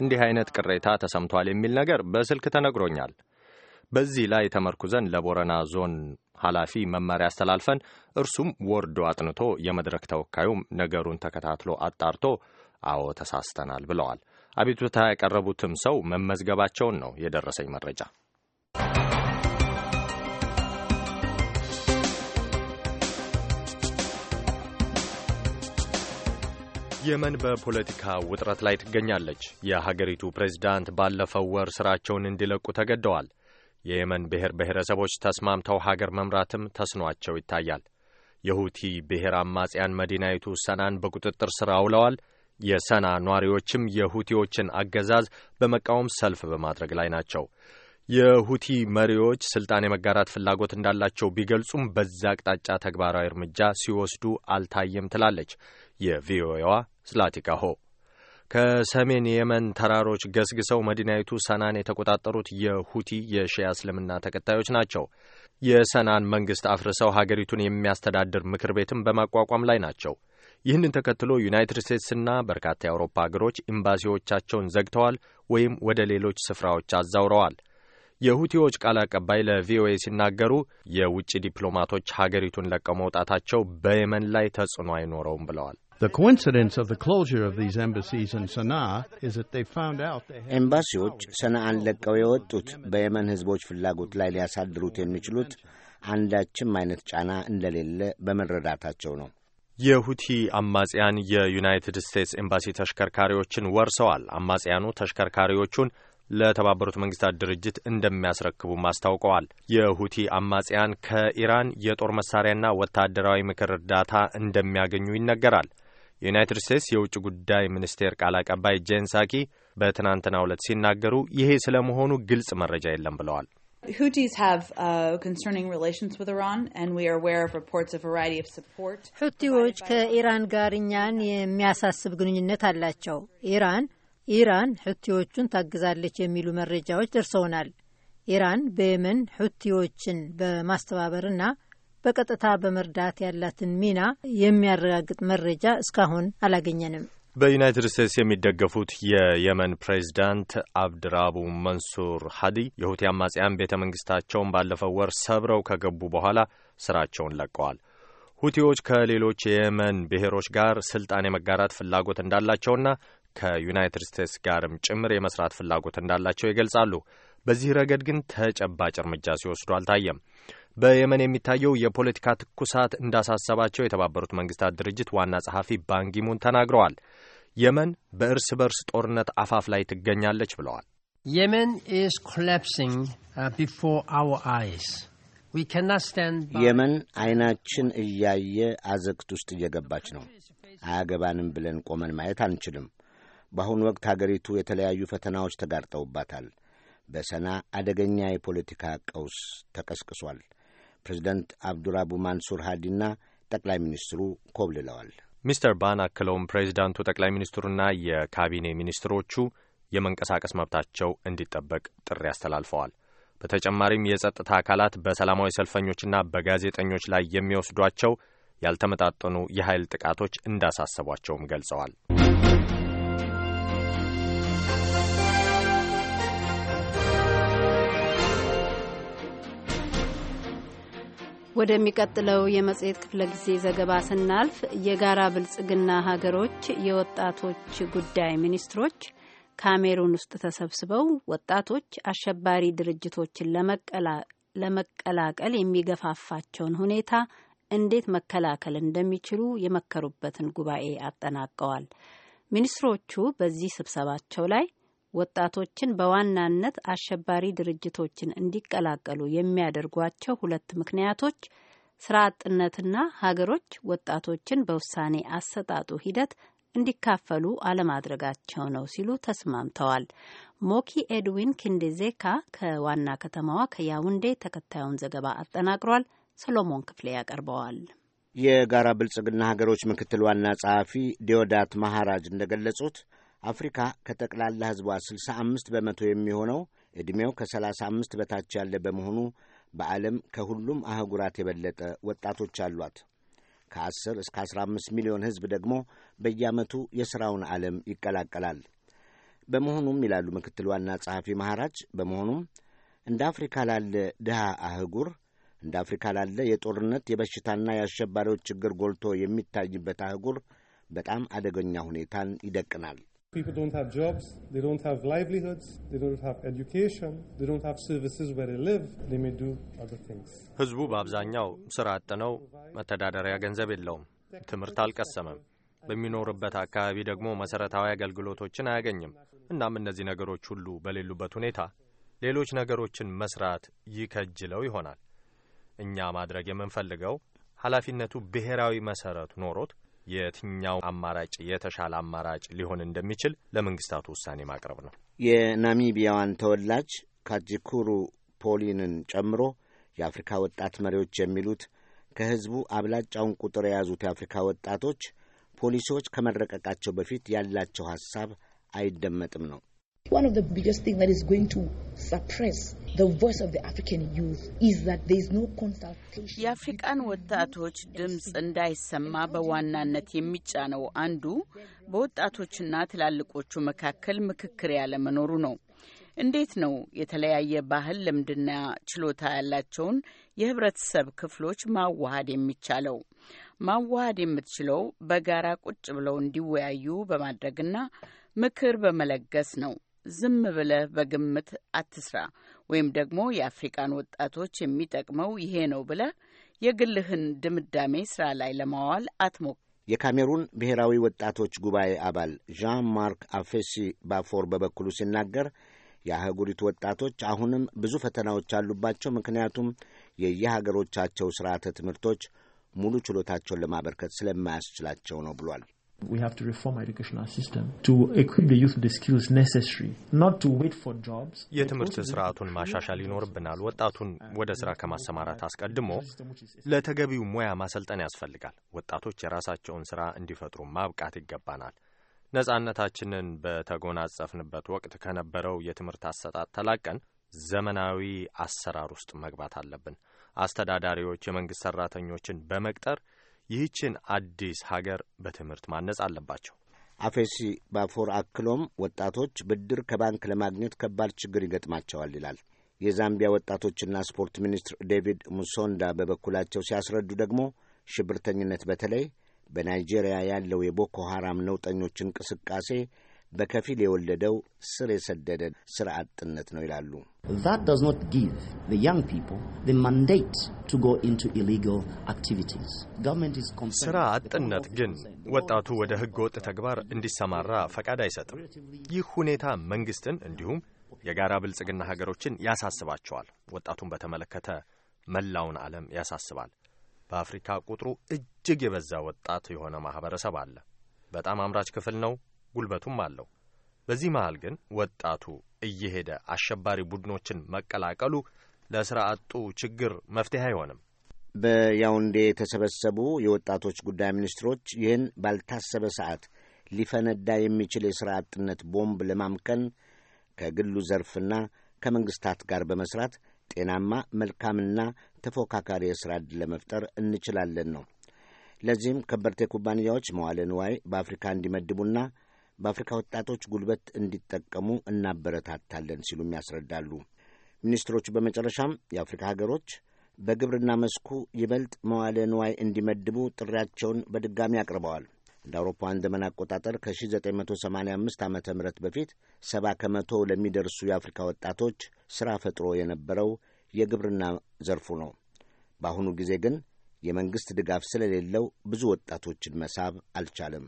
እንዲህ አይነት ቅሬታ ተሰምቷል የሚል ነገር በስልክ ተነግሮኛል። በዚህ ላይ ተመርኩዘን ለቦረና ዞን ኃላፊ መመሪያ አስተላልፈን እርሱም ወርዶ አጥንቶ የመድረክ ተወካዩም ነገሩን ተከታትሎ አጣርቶ አዎ ተሳስተናል ብለዋል። አቤቱታ ያቀረቡትም ሰው መመዝገባቸውን ነው የደረሰኝ መረጃ። የመን በፖለቲካ ውጥረት ላይ ትገኛለች። የሀገሪቱ ፕሬዝዳንት ባለፈው ወር ስራቸውን እንዲለቁ ተገደዋል። የየመን ብሔር ብሔረሰቦች ተስማምተው ሀገር መምራትም ተስኗቸው ይታያል። የሁቲ ብሔር አማጽያን መዲናይቱ ሰናን በቁጥጥር ስር አውለዋል። የሰና ኗሪዎችም የሁቲዎችን አገዛዝ በመቃወም ሰልፍ በማድረግ ላይ ናቸው። የሁቲ መሪዎች ስልጣን የመጋራት ፍላጎት እንዳላቸው ቢገልጹም በዛ አቅጣጫ ተግባራዊ እርምጃ ሲወስዱ አልታየም ትላለች የቪኦኤዋ ስላቲካሆ። ሆ ከሰሜን የመን ተራሮች ገስግሰው መዲናይቱ ሰናን የተቆጣጠሩት የሁቲ የሺያ እስልምና ተከታዮች ናቸው። የሰናን መንግስት አፍርሰው ሀገሪቱን የሚያስተዳድር ምክር ቤትን በማቋቋም ላይ ናቸው። ይህንን ተከትሎ ዩናይትድ ስቴትስና በርካታ የአውሮፓ አገሮች ኤምባሲዎቻቸውን ዘግተዋል ወይም ወደ ሌሎች ስፍራዎች አዛውረዋል። የሁቲዎች ቃል አቀባይ ለቪኦኤ ሲናገሩ የውጭ ዲፕሎማቶች ሀገሪቱን ለቀው መውጣታቸው በየመን ላይ ተጽዕኖ አይኖረውም ብለዋል። The coincidence of the closure of these embassies in Sana'a is that they found out they had ኤምባሲዎች ሰነአን ለቀው የወጡት በየመን ሕዝቦች ፍላጎት ላይ ሊያሳድሩት የሚችሉት አንዳችም አይነት ጫና እንደሌለ በመረዳታቸው ነው። የሁቲ አማጽያን የዩናይትድ ስቴትስ ኤምባሲ ተሽከርካሪዎችን ወርሰዋል። አማጽያኑ ተሽከርካሪዎቹን ለተባበሩት መንግስታት ድርጅት እንደሚያስረክቡ አስታውቀዋል። የሁቲ አማጽያን ከኢራን የጦር መሳሪያና ወታደራዊ ምክር እርዳታ እንደሚያገኙ ይነገራል። የዩናይትድ ስቴትስ የውጭ ጉዳይ ሚኒስቴር ቃል አቀባይ ጄን ሳኪ በትናንትናው ዕለት ሲናገሩ ይሄ ስለ መሆኑ ግልጽ መረጃ የለም ብለዋል። ሁቲዎች uh, ከኢራን ጋር እኛን የሚያሳስብ ግንኙነት አላቸው። ኢራን ኢራን ሁቲዎቹን ታግዛለች የሚሉ መረጃዎች ደርሰውናል። ኢራን በየመን ሁቲዎችን በማስተባበርና በቀጥታ በመርዳት ያላትን ሚና የሚያረጋግጥ መረጃ እስካሁን አላገኘንም። በዩናይትድ ስቴትስ የሚደገፉት የየመን ፕሬዚዳንት አብድራቡ መንሱር ሀዲ የሁቲ አማጽያን ቤተ መንግስታቸውን ባለፈው ወር ሰብረው ከገቡ በኋላ ስራቸውን ለቀዋል። ሁቲዎች ከሌሎች የየመን ብሔሮች ጋር ስልጣን የመጋራት ፍላጎት እንዳላቸውና ከዩናይትድ ስቴትስ ጋርም ጭምር የመስራት ፍላጎት እንዳላቸው ይገልጻሉ። በዚህ ረገድ ግን ተጨባጭ እርምጃ ሲወስዱ አልታየም። በየመን የሚታየው የፖለቲካ ትኩሳት እንዳሳሰባቸው የተባበሩት መንግስታት ድርጅት ዋና ጸሐፊ ባንጊሙን ተናግረዋል። የመን በእርስ በርስ ጦርነት አፋፍ ላይ ትገኛለች ብለዋል። የመን ኢዝ uh, የመን አይናችን እያየ አዘቅት ውስጥ እየገባች ነው። አያገባንም ብለን ቆመን ማየት አንችልም። በአሁኑ ወቅት አገሪቱ የተለያዩ ፈተናዎች ተጋርጠውባታል። በሰና አደገኛ የፖለቲካ ቀውስ ተቀስቅሷል። ፕሬዚደንት አብዱራቡ ማንሱር ሃዲና ጠቅላይ ሚኒስትሩ ኮብልለዋል። ሚስተር ባን አክለውም ፕሬዚዳንቱ ጠቅላይ ሚኒስትሩና የካቢኔ ሚኒስትሮቹ የመንቀሳቀስ መብታቸው እንዲጠበቅ ጥሪ አስተላልፈዋል። በተጨማሪም የጸጥታ አካላት በሰላማዊ ሰልፈኞችና በጋዜጠኞች ላይ የሚወስዷቸው ያልተመጣጠኑ የኃይል ጥቃቶች እንዳሳሰቧቸውም ገልጸዋል። ወደሚቀጥለው የመጽሔት ክፍለ ጊዜ ዘገባ ስናልፍ የጋራ ብልጽግና ሀገሮች የወጣቶች ጉዳይ ሚኒስትሮች ካሜሩን ውስጥ ተሰብስበው ወጣቶች አሸባሪ ድርጅቶችን ለመቀላቀል የሚገፋፋቸውን ሁኔታ እንዴት መከላከል እንደሚችሉ የመከሩበትን ጉባኤ አጠናቀዋል። ሚኒስትሮቹ በዚህ ስብሰባቸው ላይ ወጣቶችን በዋናነት አሸባሪ ድርጅቶችን እንዲቀላቀሉ የሚያደርጓቸው ሁለት ምክንያቶች ስራ አጥነትና ሀገሮች ወጣቶችን በውሳኔ አሰጣጡ ሂደት እንዲካፈሉ አለማድረጋቸው ነው ሲሉ ተስማምተዋል። ሞኪ ኤድዊን ኪንዴዜካ ከዋና ከተማዋ ከያውንዴ ተከታዩን ዘገባ አጠናቅሯል። ሰሎሞን ክፍሌ ያቀርበዋል። የጋራ ብልጽግና ሀገሮች ምክትል ዋና ጸሐፊ ዲዮዳት ማሃራጅ እንደገለጹት አፍሪካ ከጠቅላላ ሕዝቧ 65 በመቶ የሚሆነው ዕድሜው ከ35 በታች ያለ በመሆኑ በዓለም ከሁሉም አህጉራት የበለጠ ወጣቶች አሏት። ከ10 እስከ 15 ሚሊዮን ሕዝብ ደግሞ በየዓመቱ የሥራውን ዓለም ይቀላቀላል። በመሆኑም ይላሉ ምክትል ዋና ጸሐፊ ማሐራጅ፣ በመሆኑም እንደ አፍሪካ ላለ ድሃ አህጉር እንደ አፍሪካ ላለ የጦርነት የበሽታና የአሸባሪዎች ችግር ጎልቶ የሚታይበት አህጉር በጣም አደገኛ ሁኔታን ይደቅናል። People don't have jobs, they don't have livelihoods, they don't have education, they don't have services where they live, they may do other things. ህዝቡ በአብዛኛው ስራ አጥ ነው። መተዳደሪያ ገንዘብ የለውም፣ ትምህርት አልቀሰመም፣ በሚኖርበት አካባቢ ደግሞ መሰረታዊ አገልግሎቶችን አያገኝም። እናም እነዚህ ነገሮች ሁሉ በሌሉበት ሁኔታ ሌሎች ነገሮችን መስራት ይከጅለው ይሆናል። እኛ ማድረግ የምንፈልገው ኃላፊነቱ ብሔራዊ መሰረት ኖሮት የትኛው አማራጭ የተሻለ አማራጭ ሊሆን እንደሚችል ለመንግስታቱ ውሳኔ ማቅረብ ነው። የናሚቢያዋን ተወላጅ ካጂኩሩ ፖሊንን ጨምሮ የአፍሪካ ወጣት መሪዎች የሚሉት ከህዝቡ አብላጫውን ቁጥር የያዙት የአፍሪካ ወጣቶች ፖሊሶች ከመረቀቃቸው በፊት ያላቸው ሐሳብ አይደመጥም ነው። One of the biggest things that is going to suppress the voice of the African youth is that there is no consultation. የአፍሪቃን ወጣቶች ድምፅ እንዳይሰማ በዋናነት የሚጫነው አንዱ በወጣቶችና ትላልቆቹ መካከል ምክክር ያለመኖሩ ነው። እንዴት ነው የተለያየ ባህል ልምድና ችሎታ ያላቸውን የህብረተሰብ ክፍሎች ማዋሃድ የሚቻለው? ማዋሃድ የምትችለው በጋራ ቁጭ ብለው እንዲወያዩ በማድረግና ምክር በመለገስ ነው። ዝም ብለህ በግምት አትስራ ወይም ደግሞ የአፍሪቃን ወጣቶች የሚጠቅመው ይሄ ነው ብለህ የግልህን ድምዳሜ ስራ ላይ ለማዋል አትሞ የካሜሩን ብሔራዊ ወጣቶች ጉባኤ አባል ዣን ማርክ አፌሲ ባፎር በበኩሉ ሲናገር የአህጉሪቱ ወጣቶች አሁንም ብዙ ፈተናዎች አሉባቸው፣ ምክንያቱም የየሀገሮቻቸው ስርዓተ ትምህርቶች ሙሉ ችሎታቸውን ለማበርከት ስለማያስችላቸው ነው ብሏል። We have to reform our educational system to equip the youth with the skills necessary, not to wait for jobs. የትምህርት ስርዓቱን ማሻሻል ይኖርብናል። ወጣቱን ወደ ስራ ከማሰማራት አስቀድሞ ለተገቢው ሙያ ማሰልጠን ያስፈልጋል። ወጣቶች የራሳቸውን ስራ እንዲፈጥሩ ማብቃት ይገባናል። ነጻነታችንን በተጎናጸፍንበት ወቅት ከነበረው የትምህርት አሰጣጥ ተላቀን ዘመናዊ አሰራር ውስጥ መግባት አለብን። አስተዳዳሪዎች የመንግስት ሰራተኞችን በመቅጠር ይህችን አዲስ ሀገር በትምህርት ማነጽ አለባቸው። አፌሲ ባፎር አክሎም ወጣቶች ብድር ከባንክ ለማግኘት ከባድ ችግር ይገጥማቸዋል ይላል። የዛምቢያ ወጣቶችና ስፖርት ሚኒስትር ዴቪድ ሙሶንዳ በበኩላቸው ሲያስረዱ ደግሞ ሽብርተኝነት በተለይ በናይጄሪያ ያለው የቦኮ ሐራም ነውጠኞች እንቅስቃሴ በከፊል የወለደው ስር የሰደደ ስራ አጥነት ነው ይላሉ። ስራ አጥነት ግን ወጣቱ ወደ ህገ ወጥ ተግባር እንዲሰማራ ፈቃድ አይሰጥም። ይህ ሁኔታ መንግስትን እንዲሁም የጋራ ብልጽግና ሀገሮችን ያሳስባቸዋል። ወጣቱን በተመለከተ መላውን ዓለም ያሳስባል። በአፍሪካ ቁጥሩ እጅግ የበዛ ወጣት የሆነ ማህበረሰብ አለ። በጣም አምራች ክፍል ነው። ጉልበቱም አለው። በዚህ መሃል ግን ወጣቱ እየሄደ አሸባሪ ቡድኖችን መቀላቀሉ ለስራ አጡ ችግር መፍትሄ አይሆንም። በያውንዴ የተሰበሰቡ የወጣቶች ጉዳይ ሚኒስትሮች ይህን ባልታሰበ ሰዓት ሊፈነዳ የሚችል የሥራ አጥነት ቦምብ ለማምከን ከግሉ ዘርፍና ከመንግሥታት ጋር በመሥራት ጤናማ መልካምና ተፎካካሪ የሥራ ዕድል ለመፍጠር እንችላለን ነው። ለዚህም ከበርቴ ኩባንያዎች መዋለ ንዋይ በአፍሪካ እንዲመድቡና በአፍሪካ ወጣቶች ጉልበት እንዲጠቀሙ እናበረታታለን ሲሉም ያስረዳሉ። ሚኒስትሮቹ በመጨረሻም የአፍሪካ ሀገሮች በግብርና መስኩ ይበልጥ መዋለ ንዋይ እንዲመድቡ ጥሪያቸውን በድጋሚ አቅርበዋል። እንደ አውሮፓውያን ዘመን አቆጣጠር ከ1985 ዓ ም በፊት ሰባ ከመቶ ለሚደርሱ የአፍሪካ ወጣቶች ሥራ ፈጥሮ የነበረው የግብርና ዘርፉ ነው። በአሁኑ ጊዜ ግን የመንግሥት ድጋፍ ስለሌለው ብዙ ወጣቶችን መሳብ አልቻለም።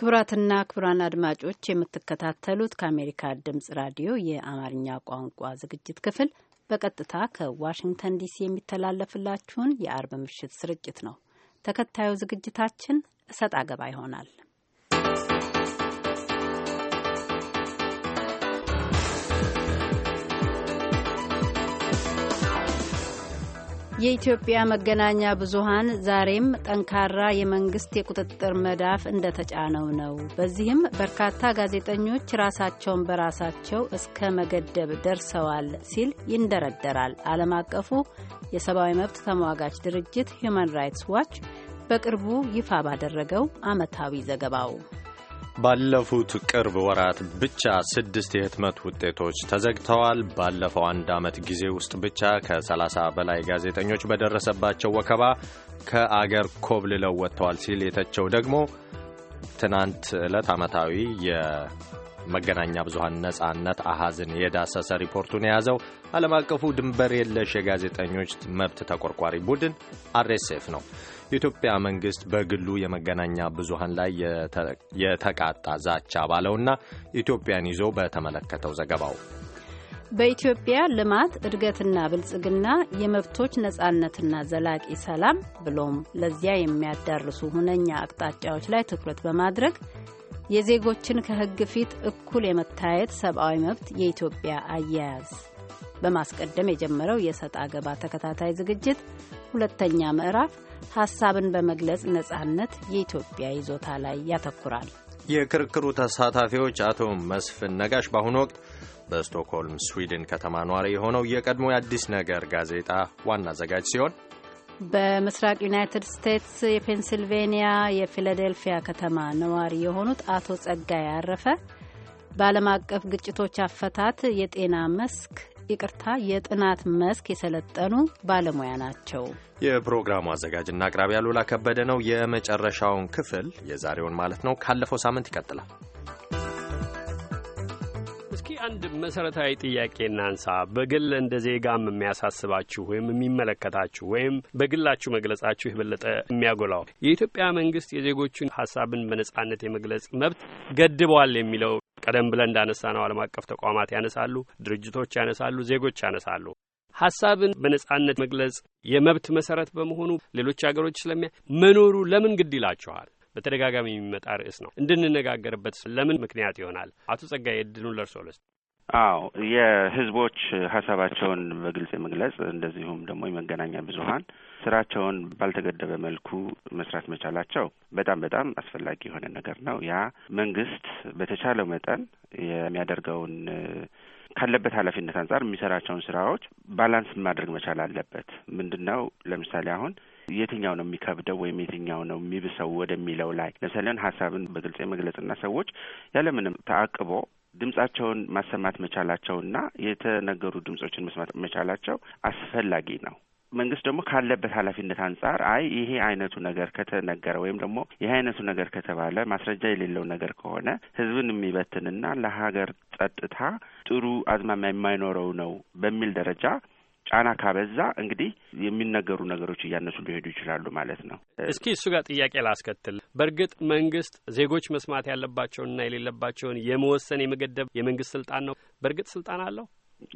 ክቡራትና ክቡራን አድማጮች የምትከታተሉት ከአሜሪካ ድምጽ ራዲዮ የአማርኛ ቋንቋ ዝግጅት ክፍል በቀጥታ ከዋሽንግተን ዲሲ የሚተላለፍላችሁን የአርብ ምሽት ስርጭት ነው። ተከታዩ ዝግጅታችን እሰጥ አገባ ይሆናል። የኢትዮጵያ መገናኛ ብዙሃን ዛሬም ጠንካራ የመንግስት የቁጥጥር መዳፍ እንደተጫነው ነው። በዚህም በርካታ ጋዜጠኞች ራሳቸውን በራሳቸው እስከ መገደብ ደርሰዋል ሲል ይንደረደራል። ዓለም አቀፉ የሰብአዊ መብት ተሟጋች ድርጅት ሁማን ራይትስ ዋች በቅርቡ ይፋ ባደረገው ዓመታዊ ዘገባው ባለፉት ቅርብ ወራት ብቻ ስድስት የህትመት ውጤቶች ተዘግተዋል። ባለፈው አንድ ዓመት ጊዜ ውስጥ ብቻ ከ30 በላይ ጋዜጠኞች በደረሰባቸው ወከባ ከአገር ኮብልለው ወጥተዋል ሲል የተቸው ደግሞ ትናንት ዕለት ዓመታዊ የመገናኛ ብዙሀን ነጻነት አሐዝን የዳሰሰ ሪፖርቱን የያዘው ዓለም አቀፉ ድንበር የለሽ የጋዜጠኞች መብት ተቆርቋሪ ቡድን አርኤስኤፍ ነው። የኢትዮጵያ መንግስት በግሉ የመገናኛ ብዙሃን ላይ የተቃጣ ዛቻ ባለውና ኢትዮጵያን ይዞ በተመለከተው ዘገባው በኢትዮጵያ ልማት እድገትና ብልጽግና የመብቶች ነጻነትና ዘላቂ ሰላም ብሎም ለዚያ የሚያዳርሱ ሁነኛ አቅጣጫዎች ላይ ትኩረት በማድረግ የዜጎችን ከህግ ፊት እኩል የመታየት ሰብአዊ መብት የኢትዮጵያ አያያዝ በማስቀደም የጀመረው የሰጥ አገባ ተከታታይ ዝግጅት ሁለተኛ ምዕራፍ ሀሳብን በመግለጽ ነጻነት የኢትዮጵያ ይዞታ ላይ ያተኩራል። የክርክሩ ተሳታፊዎች አቶ መስፍን ነጋሽ በአሁኑ ወቅት በስቶክሆልም ስዊድን ከተማ ነዋሪ የሆነው የቀድሞ የአዲስ ነገር ጋዜጣ ዋና አዘጋጅ ሲሆን በምስራቅ ዩናይትድ ስቴትስ የፔንሲልቬንያ የፊላዴልፊያ ከተማ ነዋሪ የሆኑት አቶ ጸጋዬ አረፈ በዓለም አቀፍ ግጭቶች አፈታት የጤና መስክ ይቅርታ የጥናት መስክ የሰለጠኑ ባለሙያ ናቸው። የፕሮግራሙ አዘጋጅና አቅራቢ አሉላ ከበደ ነው። የመጨረሻውን ክፍል የዛሬውን ማለት ነው ካለፈው ሳምንት ይቀጥላል። እስኪ አንድ መሰረታዊ ጥያቄ እናንሳ። በግል እንደ ዜጋም የሚያሳስባችሁ ወይም የሚመለከታችሁ ወይም በግላችሁ መግለጻችሁ የበለጠ የሚያጎላው የኢትዮጵያ መንግስት የዜጎቹን ሀሳብን በነጻነት የመግለጽ መብት ገድቧል የሚለው ቀደም ብለን እንዳነሳ ነው ዓለም አቀፍ ተቋማት ያነሳሉ፣ ድርጅቶች ያነሳሉ፣ ዜጎች ያነሳሉ። ሀሳብን በነጻነት መግለጽ የመብት መሰረት በመሆኑ ሌሎች ሀገሮች ስለሚያ መኖሩ ለምን ግድ ይላችኋል? በተደጋጋሚ የሚመጣ ርዕስ ነው። እንድንነጋገርበት ለምን ምክንያት ይሆናል? አቶ ጸጋዬ እድሉን ለርሶ ልስጥ። አዎ የህዝቦች ሀሳባቸውን በግልጽ መግለጽ እንደዚሁም ደግሞ የመገናኛ ብዙሀን ስራቸውን ባልተገደበ መልኩ መስራት መቻላቸው በጣም በጣም አስፈላጊ የሆነ ነገር ነው። ያ መንግስት በተቻለው መጠን የሚያደርገውን ካለበት ኃላፊነት አንጻር የሚሰራቸውን ስራዎች ባላንስ ማድረግ መቻል አለበት። ምንድን ነው ለምሳሌ አሁን የትኛው ነው የሚከብደው ወይም የትኛው ነው የሚብሰው ወደሚለው ላይ ለምሳሌ ሀሳብን በግልጽ የመግለጽና ሰዎች ያለምንም ተአቅቦ ድምጻቸውን ማሰማት መቻላቸውና የተነገሩ ድምጾችን መስማት መቻላቸው አስፈላጊ ነው። መንግስት ደግሞ ካለበት ኃላፊነት አንጻር አይ ይሄ አይነቱ ነገር ከተነገረ ወይም ደግሞ ይሄ አይነቱ ነገር ከተባለ ማስረጃ የሌለው ነገር ከሆነ ህዝብን የሚበትንና ለሀገር ጸጥታ ጥሩ አዝማሚያ የማይኖረው ነው በሚል ደረጃ ጫና ካበዛ እንግዲህ የሚነገሩ ነገሮች እያነሱ ሊሄዱ ይችላሉ ማለት ነው። እስኪ እሱ ጋር ጥያቄ ላስከትል። በእርግጥ መንግስት ዜጎች መስማት ያለባቸውንና የሌለባቸውን የመወሰን የመገደብ የመንግስት ስልጣን ነው። በእርግጥ ስልጣን አለው?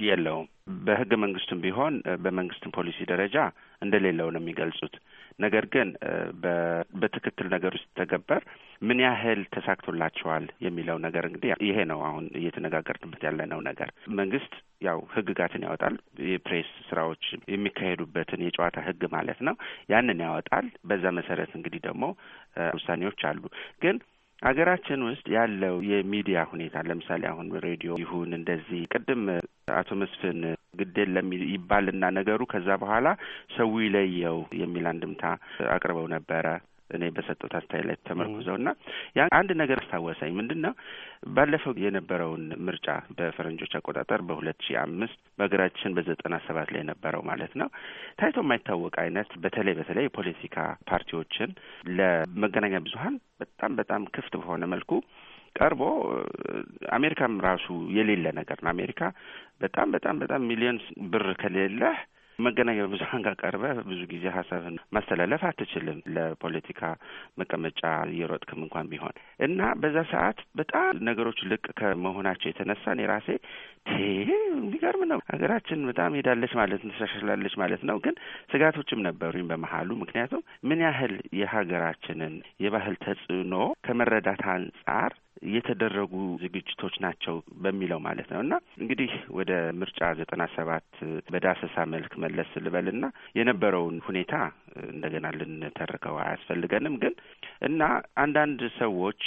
የለውም። በህገ መንግስቱም ቢሆን በመንግስትም ፖሊሲ ደረጃ እንደሌለው ነው የሚገልጹት። ነገር ግን በትክክል ነገር ውስጥ ተገበር ምን ያህል ተሳክቶላቸዋል የሚለው ነገር እንግዲህ ይሄ ነው አሁን እየተነጋገርንበት ያለነው ነገር። መንግስት ያው ህግጋትን ያወጣል። የፕሬስ ስራዎች የሚካሄዱበትን የጨዋታ ህግ ማለት ነው። ያንን ያወጣል። በዛ መሰረት እንግዲህ ደግሞ ውሳኔዎች አሉ ግን አገራችን ውስጥ ያለው የሚዲያ ሁኔታ ለምሳሌ አሁን ሬዲዮ ይሁን እንደዚህ ቅድም አቶ መስፍን ግዴን ይባልና ነገሩ ከዛ በኋላ ሰው ይለየው የሚል አንድምታ አቅርበው ነበረ። እኔ በሰጡት አስተያየት ላይ ተመርኩዘው ና ያ አንድ ነገር አስታወሰኝ። ምንድን ነው ባለፈው የነበረውን ምርጫ በፈረንጆች አቆጣጠር በሁለት ሺ አምስት በሀገራችን በዘጠና ሰባት ላይ የነበረው ማለት ነው ታይቶ የማይታወቅ አይነት በተለይ በተለይ የፖለቲካ ፓርቲዎችን ለመገናኛ ብዙሀን በጣም በጣም ክፍት በሆነ መልኩ ቀርቦ አሜሪካም ራሱ የሌለ ነገር ነው። አሜሪካ በጣም በጣም በጣም ሚሊዮን ብር ከሌለህ መገናኛ ብዙሀን ጋር ቀርበ ብዙ ጊዜ ሀሳብን ማስተላለፍ አትችልም። ለፖለቲካ መቀመጫ እየሮጥክም እንኳን ቢሆን እና በዛ ሰዓት በጣም ነገሮች ልቅ ከመሆናቸው የተነሳ እኔ ራሴ የሚገርም ነው ሀገራችን በጣም ሄዳለች ማለት ነው ተሻሻላለች ማለት ነው። ግን ስጋቶችም ነበሩኝ በመሀሉ ምክንያቱም ምን ያህል የሀገራችንን የባህል ተጽዕኖ ከመረዳት አንጻር የተደረጉ ዝግጅቶች ናቸው በሚለው ማለት ነው እና እንግዲህ ወደ ምርጫ ዘጠና ሰባት በዳሰሳ መልክ መለስ ልበልና የነበረውን ሁኔታ እንደገና ልንተርከው አያስፈልገንም ግን እና አንዳንድ ሰዎች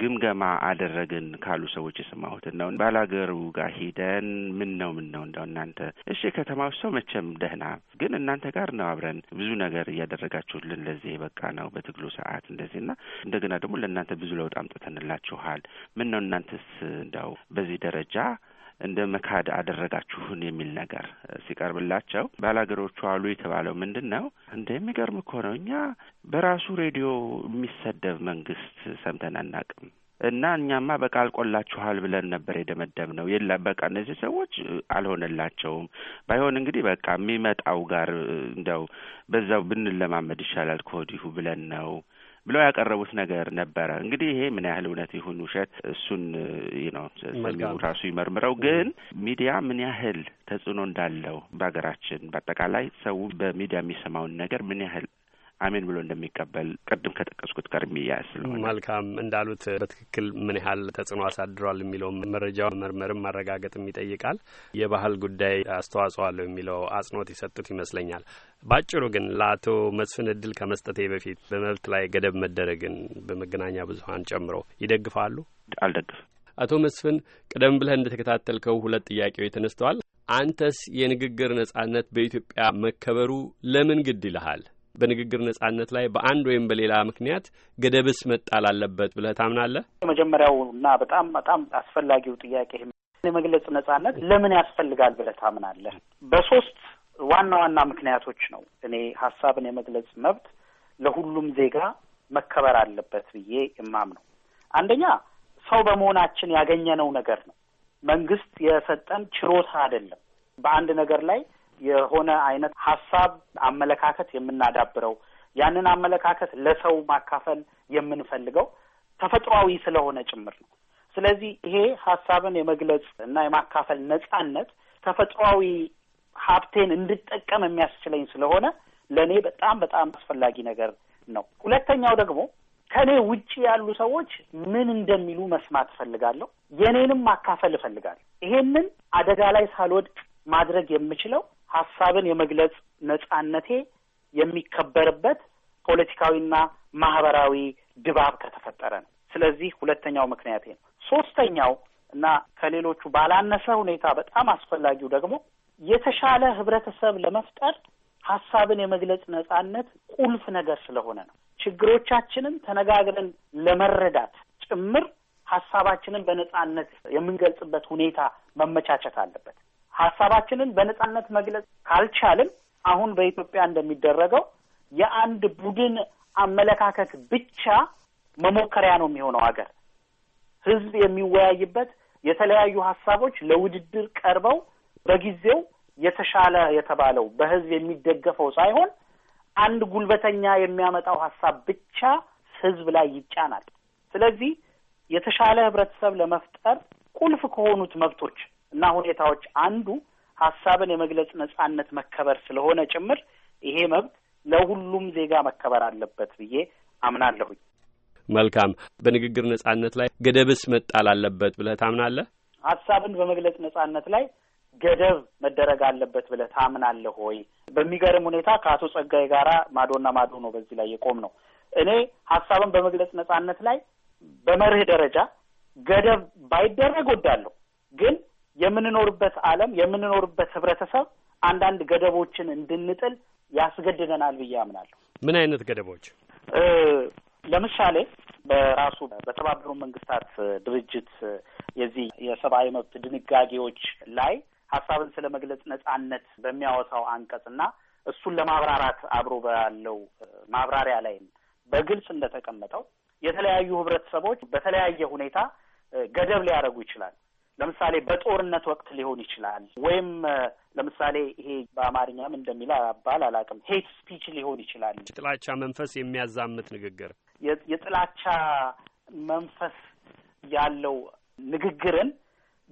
ግምገማ አደረግን ካሉ ሰዎች የሰማሁትን ነው። ባላገሩ ጋር ሂደን ምን ነው ምን ነው እንደው እናንተ እሺ፣ ከተማ ውስጥ ሰው መቼም ደህና ግን እናንተ ጋር ነው አብረን ብዙ ነገር እያደረጋችሁልን ለዚህ የበቃ ነው በትግሉ ሰዓት እንደዚህ እና እንደገና ደግሞ ለእናንተ ብዙ ለውጥ አምጥተንላችኋል ይሆናል። ምን ነው እናንተስ እንዳው በዚህ ደረጃ እንደ መካድ አደረጋችሁን የሚል ነገር ሲቀርብላቸው ባላገሮቹ አሉ የተባለው ምንድን ነው? እንደሚገርም እኮ ነው እኛ በራሱ ሬዲዮ የሚሰደብ መንግስት ሰምተን አናቅም። እና እኛማ በቃ አልቆላችኋል ብለን ነበር የደመደብ ነው። የለ በቃ እነዚህ ሰዎች አልሆነላቸውም። ባይሆን እንግዲህ በቃ የሚመጣው ጋር እንደው በዛው ብንለማመድ ይሻላል ከወዲሁ ብለን ነው ብለው ያቀረቡት ነገር ነበረ። እንግዲህ ይሄ ምን ያህል እውነት ይሁን ውሸት እሱን ነው ሰሚው ራሱ ይመርምረው። ግን ሚዲያ ምን ያህል ተጽዕኖ እንዳለው በሀገራችን በአጠቃላይ ሰው በሚዲያ የሚሰማውን ነገር ምን ያህል አሜን ብሎ እንደሚቀበል ቅድም ከጠቀስኩት ጋር የሚያያዝ ስለሆነ መልካም እንዳሉት በትክክል ምን ያህል ተጽዕኖ አሳድሯል የሚለው መረጃው መርመርም ማረጋገጥም ይጠይቃል። የባህል ጉዳይ አስተዋጽኦ አለው የሚለው አጽንኦት የሰጡት ይመስለኛል። ባጭሩ ግን ለአቶ መስፍን እድል ከመስጠቴ በፊት በመብት ላይ ገደብ መደረግን በመገናኛ ብዙኃን ጨምሮ ይደግፋሉ? አልደግፍ። አቶ መስፍን ቀደም ብለህ እንደተከታተልከው ሁለት ጥያቄዎች ተነስተዋል። አንተስ የንግግር ነጻነት በኢትዮጵያ መከበሩ ለምን ግድ ይልሃል? በንግግር ነጻነት ላይ በአንድ ወይም በሌላ ምክንያት ገደብስ መጣል አለበት ብለህ ታምናለህ? የመጀመሪያው እና በጣም በጣም አስፈላጊው ጥያቄ የመግለጽ ነጻነት ለምን ያስፈልጋል ብለህ ታምናለህ? በሶስት ዋና ዋና ምክንያቶች ነው እኔ ሀሳብን የመግለጽ መብት ለሁሉም ዜጋ መከበር አለበት ብዬ የማምነው። አንደኛ ሰው በመሆናችን ያገኘነው ነገር ነው። መንግስት የሰጠን ችሮታ አይደለም። በአንድ ነገር ላይ የሆነ አይነት ሀሳብ፣ አመለካከት የምናዳብረው ያንን አመለካከት ለሰው ማካፈል የምንፈልገው ተፈጥሯዊ ስለሆነ ጭምር ነው። ስለዚህ ይሄ ሀሳብን የመግለጽ እና የማካፈል ነጻነት ተፈጥሯዊ ሀብቴን እንድጠቀም የሚያስችለኝ ስለሆነ ለእኔ በጣም በጣም አስፈላጊ ነገር ነው። ሁለተኛው ደግሞ ከእኔ ውጭ ያሉ ሰዎች ምን እንደሚሉ መስማት እፈልጋለሁ። የእኔንም ማካፈል እፈልጋለሁ። ይሄንን አደጋ ላይ ሳልወድቅ ማድረግ የምችለው ሀሳብን የመግለጽ ነጻነቴ የሚከበርበት ፖለቲካዊና ማህበራዊ ድባብ ከተፈጠረ ነው። ስለዚህ ሁለተኛው ምክንያቴ ነው። ሶስተኛው እና ከሌሎቹ ባላነሰ ሁኔታ በጣም አስፈላጊው ደግሞ የተሻለ ህብረተሰብ ለመፍጠር ሀሳብን የመግለጽ ነጻነት ቁልፍ ነገር ስለሆነ ነው። ችግሮቻችንን ተነጋግረን ለመረዳት ጭምር ሀሳባችንን በነጻነት የምንገልጽበት ሁኔታ መመቻቸት አለበት። ሀሳባችንን በነጻነት መግለጽ ካልቻልም አሁን በኢትዮጵያ እንደሚደረገው የአንድ ቡድን አመለካከት ብቻ መሞከሪያ ነው የሚሆነው። ሀገር ህዝብ የሚወያይበት የተለያዩ ሀሳቦች ለውድድር ቀርበው በጊዜው የተሻለ የተባለው በህዝብ የሚደገፈው ሳይሆን አንድ ጉልበተኛ የሚያመጣው ሀሳብ ብቻ ህዝብ ላይ ይጫናል። ስለዚህ የተሻለ ህብረተሰብ ለመፍጠር ቁልፍ ከሆኑት መብቶች እና ሁኔታዎች አንዱ ሀሳብን የመግለጽ ነጻነት መከበር ስለሆነ ጭምር ይሄ መብት ለሁሉም ዜጋ መከበር አለበት ብዬ አምናለሁኝ። መልካም። በንግግር ነጻነት ላይ ገደብስ መጣል አለበት ብለህ ታምናለህ? ሀሳብን በመግለጽ ነጻነት ላይ ገደብ መደረግ አለበት ብለህ ታምናለህ ወይ? በሚገርም ሁኔታ ከአቶ ጸጋይ ጋራ ማዶና ማዶ ነው በዚህ ላይ የቆም ነው። እኔ ሀሳብን በመግለጽ ነጻነት ላይ በመርህ ደረጃ ገደብ ባይደረግ ወዳለሁ ግን የምንኖርበት ዓለም የምንኖርበት ህብረተሰብ አንዳንድ ገደቦችን እንድንጥል ያስገድደናል ብዬ አምናለሁ። ምን አይነት ገደቦች? ለምሳሌ በራሱ በተባበሩ መንግስታት ድርጅት የዚህ የሰብአዊ መብት ድንጋጌዎች ላይ ሀሳብን ስለ መግለጽ ነጻነት በሚያወሳው አንቀጽና እሱን ለማብራራት አብሮ ባለው ማብራሪያ ላይም በግልጽ እንደተቀመጠው የተለያዩ ህብረተሰቦች በተለያየ ሁኔታ ገደብ ሊያደርጉ ይችላል። ለምሳሌ በጦርነት ወቅት ሊሆን ይችላል። ወይም ለምሳሌ ይሄ በአማርኛም እንደሚል አባል አላውቅም፣ ሄት ስፒች ሊሆን ይችላል። የጥላቻ መንፈስ የሚያዛምት ንግግር፣ የጥላቻ መንፈስ ያለው ንግግርን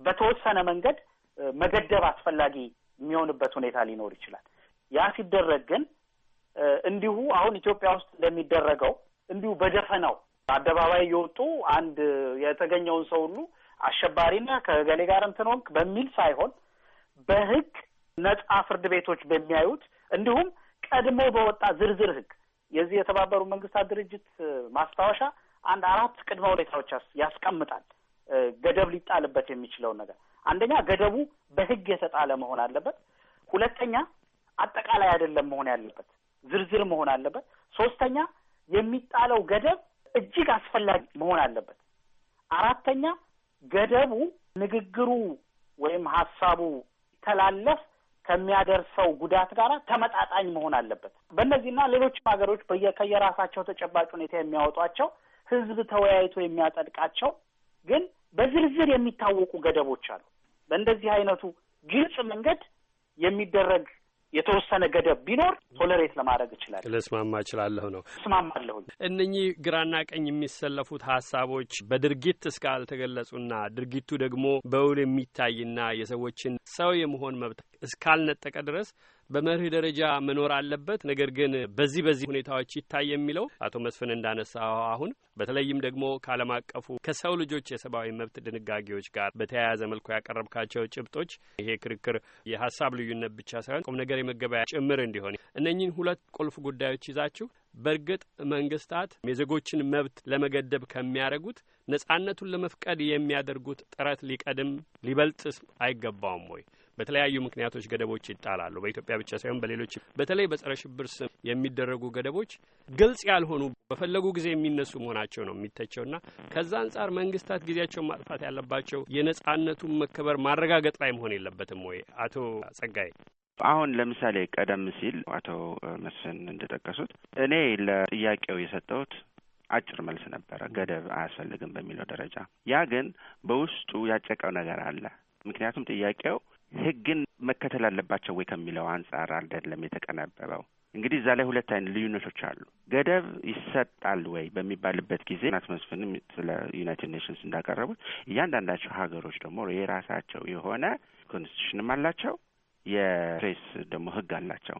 በተወሰነ መንገድ መገደብ አስፈላጊ የሚሆንበት ሁኔታ ሊኖር ይችላል። ያ ሲደረግ ግን እንዲሁ አሁን ኢትዮጵያ ውስጥ እንደሚደረገው እንዲሁ በደፈናው አደባባይ የወጡ አንድ የተገኘውን ሰው ሁሉ አሸባሪና ከገሌ ጋር እንትን ሆንክ በሚል ሳይሆን በህግ ነጻ ፍርድ ቤቶች በሚያዩት እንዲሁም ቀድሞ በወጣ ዝርዝር ህግ የዚህ የተባበሩ መንግስታት ድርጅት ማስታወሻ አንድ አራት ቅድመ ሁኔታዎች ያስቀምጣል። ገደብ ሊጣልበት የሚችለውን ነገር አንደኛ ገደቡ በህግ የተጣለ መሆን አለበት። ሁለተኛ አጠቃላይ አይደለም መሆን ያለበት ዝርዝር መሆን አለበት። ሶስተኛ የሚጣለው ገደብ እጅግ አስፈላጊ መሆን አለበት። አራተኛ ገደቡ ንግግሩ ወይም ሀሳቡ ሲተላለፍ ከሚያደርሰው ጉዳት ጋር ተመጣጣኝ መሆን አለበት። በእነዚህና ሌሎችም ሀገሮች ከየራሳቸው ተጨባጭ ሁኔታ የሚያወጧቸው ህዝብ ተወያይቶ የሚያጸድቃቸው ግን በዝርዝር የሚታወቁ ገደቦች አሉ። በእንደዚህ አይነቱ ግልጽ መንገድ የሚደረግ የተወሰነ ገደብ ቢኖር ቶለሬት ለማድረግ እችላለሁ፣ ልስማማ እችላለሁ ነው እስማማለሁኝ። እነኚህ ግራና ቀኝ የሚሰለፉት ሀሳቦች በድርጊት እስካልተገለጹና ድርጊቱ ደግሞ በውል የሚታይና የሰዎችን ሰው የመሆን መብት እስካልነጠቀ ድረስ በመርህ ደረጃ መኖር አለበት። ነገር ግን በዚህ በዚህ ሁኔታዎች ይታይ የሚለው አቶ መስፍን እንዳነሳው አሁን በተለይም ደግሞ ከዓለም አቀፉ ከሰው ልጆች የሰብአዊ መብት ድንጋጌዎች ጋር በተያያዘ መልኩ ያቀረብካቸው ጭብጦች ይሄ ክርክር የሀሳብ ልዩነት ብቻ ሳይሆን ቁም ነገር የመገበያ ጭምር እንዲሆን እነኚህን ሁለት ቁልፍ ጉዳዮች ይዛችሁ በእርግጥ መንግስታት የዜጎችን መብት ለመገደብ ከሚያደርጉት ነጻነቱን ለመፍቀድ የሚያደርጉት ጥረት ሊቀድም ሊበልጥስ አይገባውም ወይ? በተለያዩ ምክንያቶች ገደቦች ይጣላሉ። በኢትዮጵያ ብቻ ሳይሆን በሌሎች በተለይ በጸረ ሽብር ስም የሚደረጉ ገደቦች ግልጽ ያልሆኑ በፈለጉ ጊዜ የሚነሱ መሆናቸው ነው የሚተቸውና ከዛ አንጻር መንግስታት ጊዜያቸውን ማጥፋት ያለባቸው የነጻነቱን መከበር ማረጋገጥ ላይ መሆን የለበትም ወይ? አቶ ጸጋይ አሁን ለምሳሌ ቀደም ሲል አቶ መስፍን እንደጠቀሱት እኔ ለጥያቄው የሰጠሁት አጭር መልስ ነበረ። ገደብ አያስፈልግም በሚለው ደረጃ ያ ግን በውስጡ ያጨቀው ነገር አለ። ምክንያቱም ጥያቄው ህግን መከተል አለባቸው ወይ ከሚለው አንጻር አይደለም የተቀነበበው። እንግዲህ እዛ ላይ ሁለት አይነት ልዩነቶች አሉ። ገደብ ይሰጣል ወይ በሚባልበት ጊዜ ናት መስፍንም ስለ ዩናይትድ ኔሽንስ እንዳቀረቡት እያንዳንዳቸው ሀገሮች ደግሞ የራሳቸው የሆነ ኮንስቲቱሽንም አላቸው፣ የፕሬስ ደግሞ ህግ አላቸው።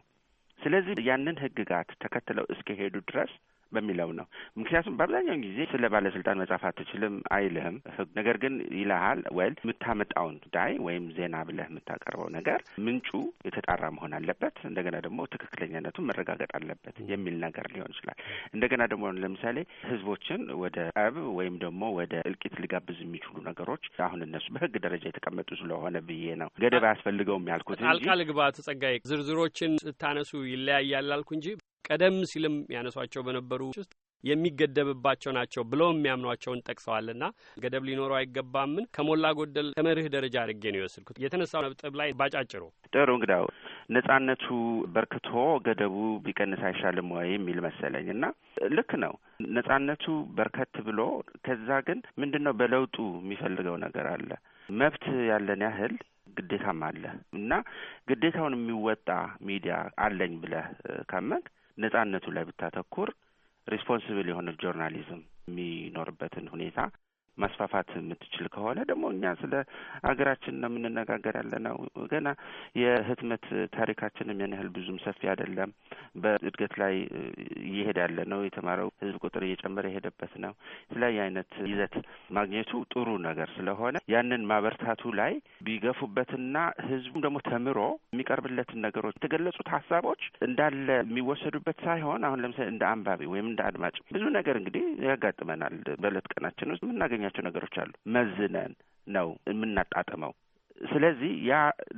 ስለዚህ ያንን ህግጋት ተከትለው እስከሄዱ ድረስ በሚለው ነው። ምክንያቱም በአብዛኛውን ጊዜ ስለ ባለስልጣን መጻፍ አትችልም አይልህም ህግ። ነገር ግን ይልሃል ወል የምታመጣውን ጉዳይ ወይም ዜና ብለህ የምታቀርበው ነገር ምንጩ የተጣራ መሆን አለበት፣ እንደገና ደግሞ ትክክለኛነቱን መረጋገጥ አለበት የሚል ነገር ሊሆን ይችላል። እንደገና ደግሞ ለምሳሌ ህዝቦችን ወደ ጠብ ወይም ደግሞ ወደ እልቂት ሊጋብዝ የሚችሉ ነገሮች አሁን እነሱ በህግ ደረጃ የተቀመጡ ስለሆነ ብዬ ነው ገደብ አያስፈልገውም ያልኩት እንጂ ጣልቃ ልግባ ተጸጋይ ዝርዝሮችን ስታነሱ ይለያያል አልኩ እንጂ ቀደም ሲልም ያነሷቸው በነበሩ ውስጥ የሚገደብባቸው ናቸው ብለው የሚያምኗቸውን ጠቅሰዋልና ገደብ ሊኖረው አይገባምን? ከሞላ ጎደል ከመርህ ደረጃ አድርጌ ነው የወሰድኩት። የተነሳው ነጥብ ላይ ባጫጭሩ ጥሩ እንግዳው ነጻነቱ በርክቶ ገደቡ ቢቀንስ አይሻልም ወይ የሚል መሰለኝ እና ልክ ነው። ነጻነቱ በርከት ብሎ ከዛ ግን ምንድን ነው በለውጡ የሚፈልገው ነገር አለ። መብት ያለን ያህል ግዴታም አለ እና ግዴታውን የሚወጣ ሚዲያ አለኝ ብለህ ካመንክ ነጻነቱ ላይ ብታተኩር ሪስፖንስብል የሆነ ጆርናሊዝም የሚኖርበትን ሁኔታ ማስፋፋት የምትችል ከሆነ ደግሞ እኛ ስለ ሀገራችን ነው የምንነጋገር ያለ ነው። ገና የህትመት ታሪካችንም ያን ያህል ብዙም ሰፊ አይደለም። በእድገት ላይ እየሄደ ያለ ነው። የተማረው ህዝብ ቁጥር እየጨመረ የሄደበት ነው። የተለያየ አይነት ይዘት ማግኘቱ ጥሩ ነገር ስለሆነ ያንን ማበርታቱ ላይ ቢገፉበትና ህዝቡም ደግሞ ተምሮ የሚቀርብለትን ነገሮች የተገለጹት ሀሳቦች እንዳለ የሚወሰዱበት ሳይሆን አሁን ለምሳሌ እንደ አንባቢ ወይም እንደ አድማጭ ብዙ ነገር እንግዲህ ያጋጥመናል በእለት ቀናችን ውስጥ የምናገኛ የምናገኛቸው ነገሮች አሉ። መዝነን ነው የምናጣጥመው። ስለዚህ ያ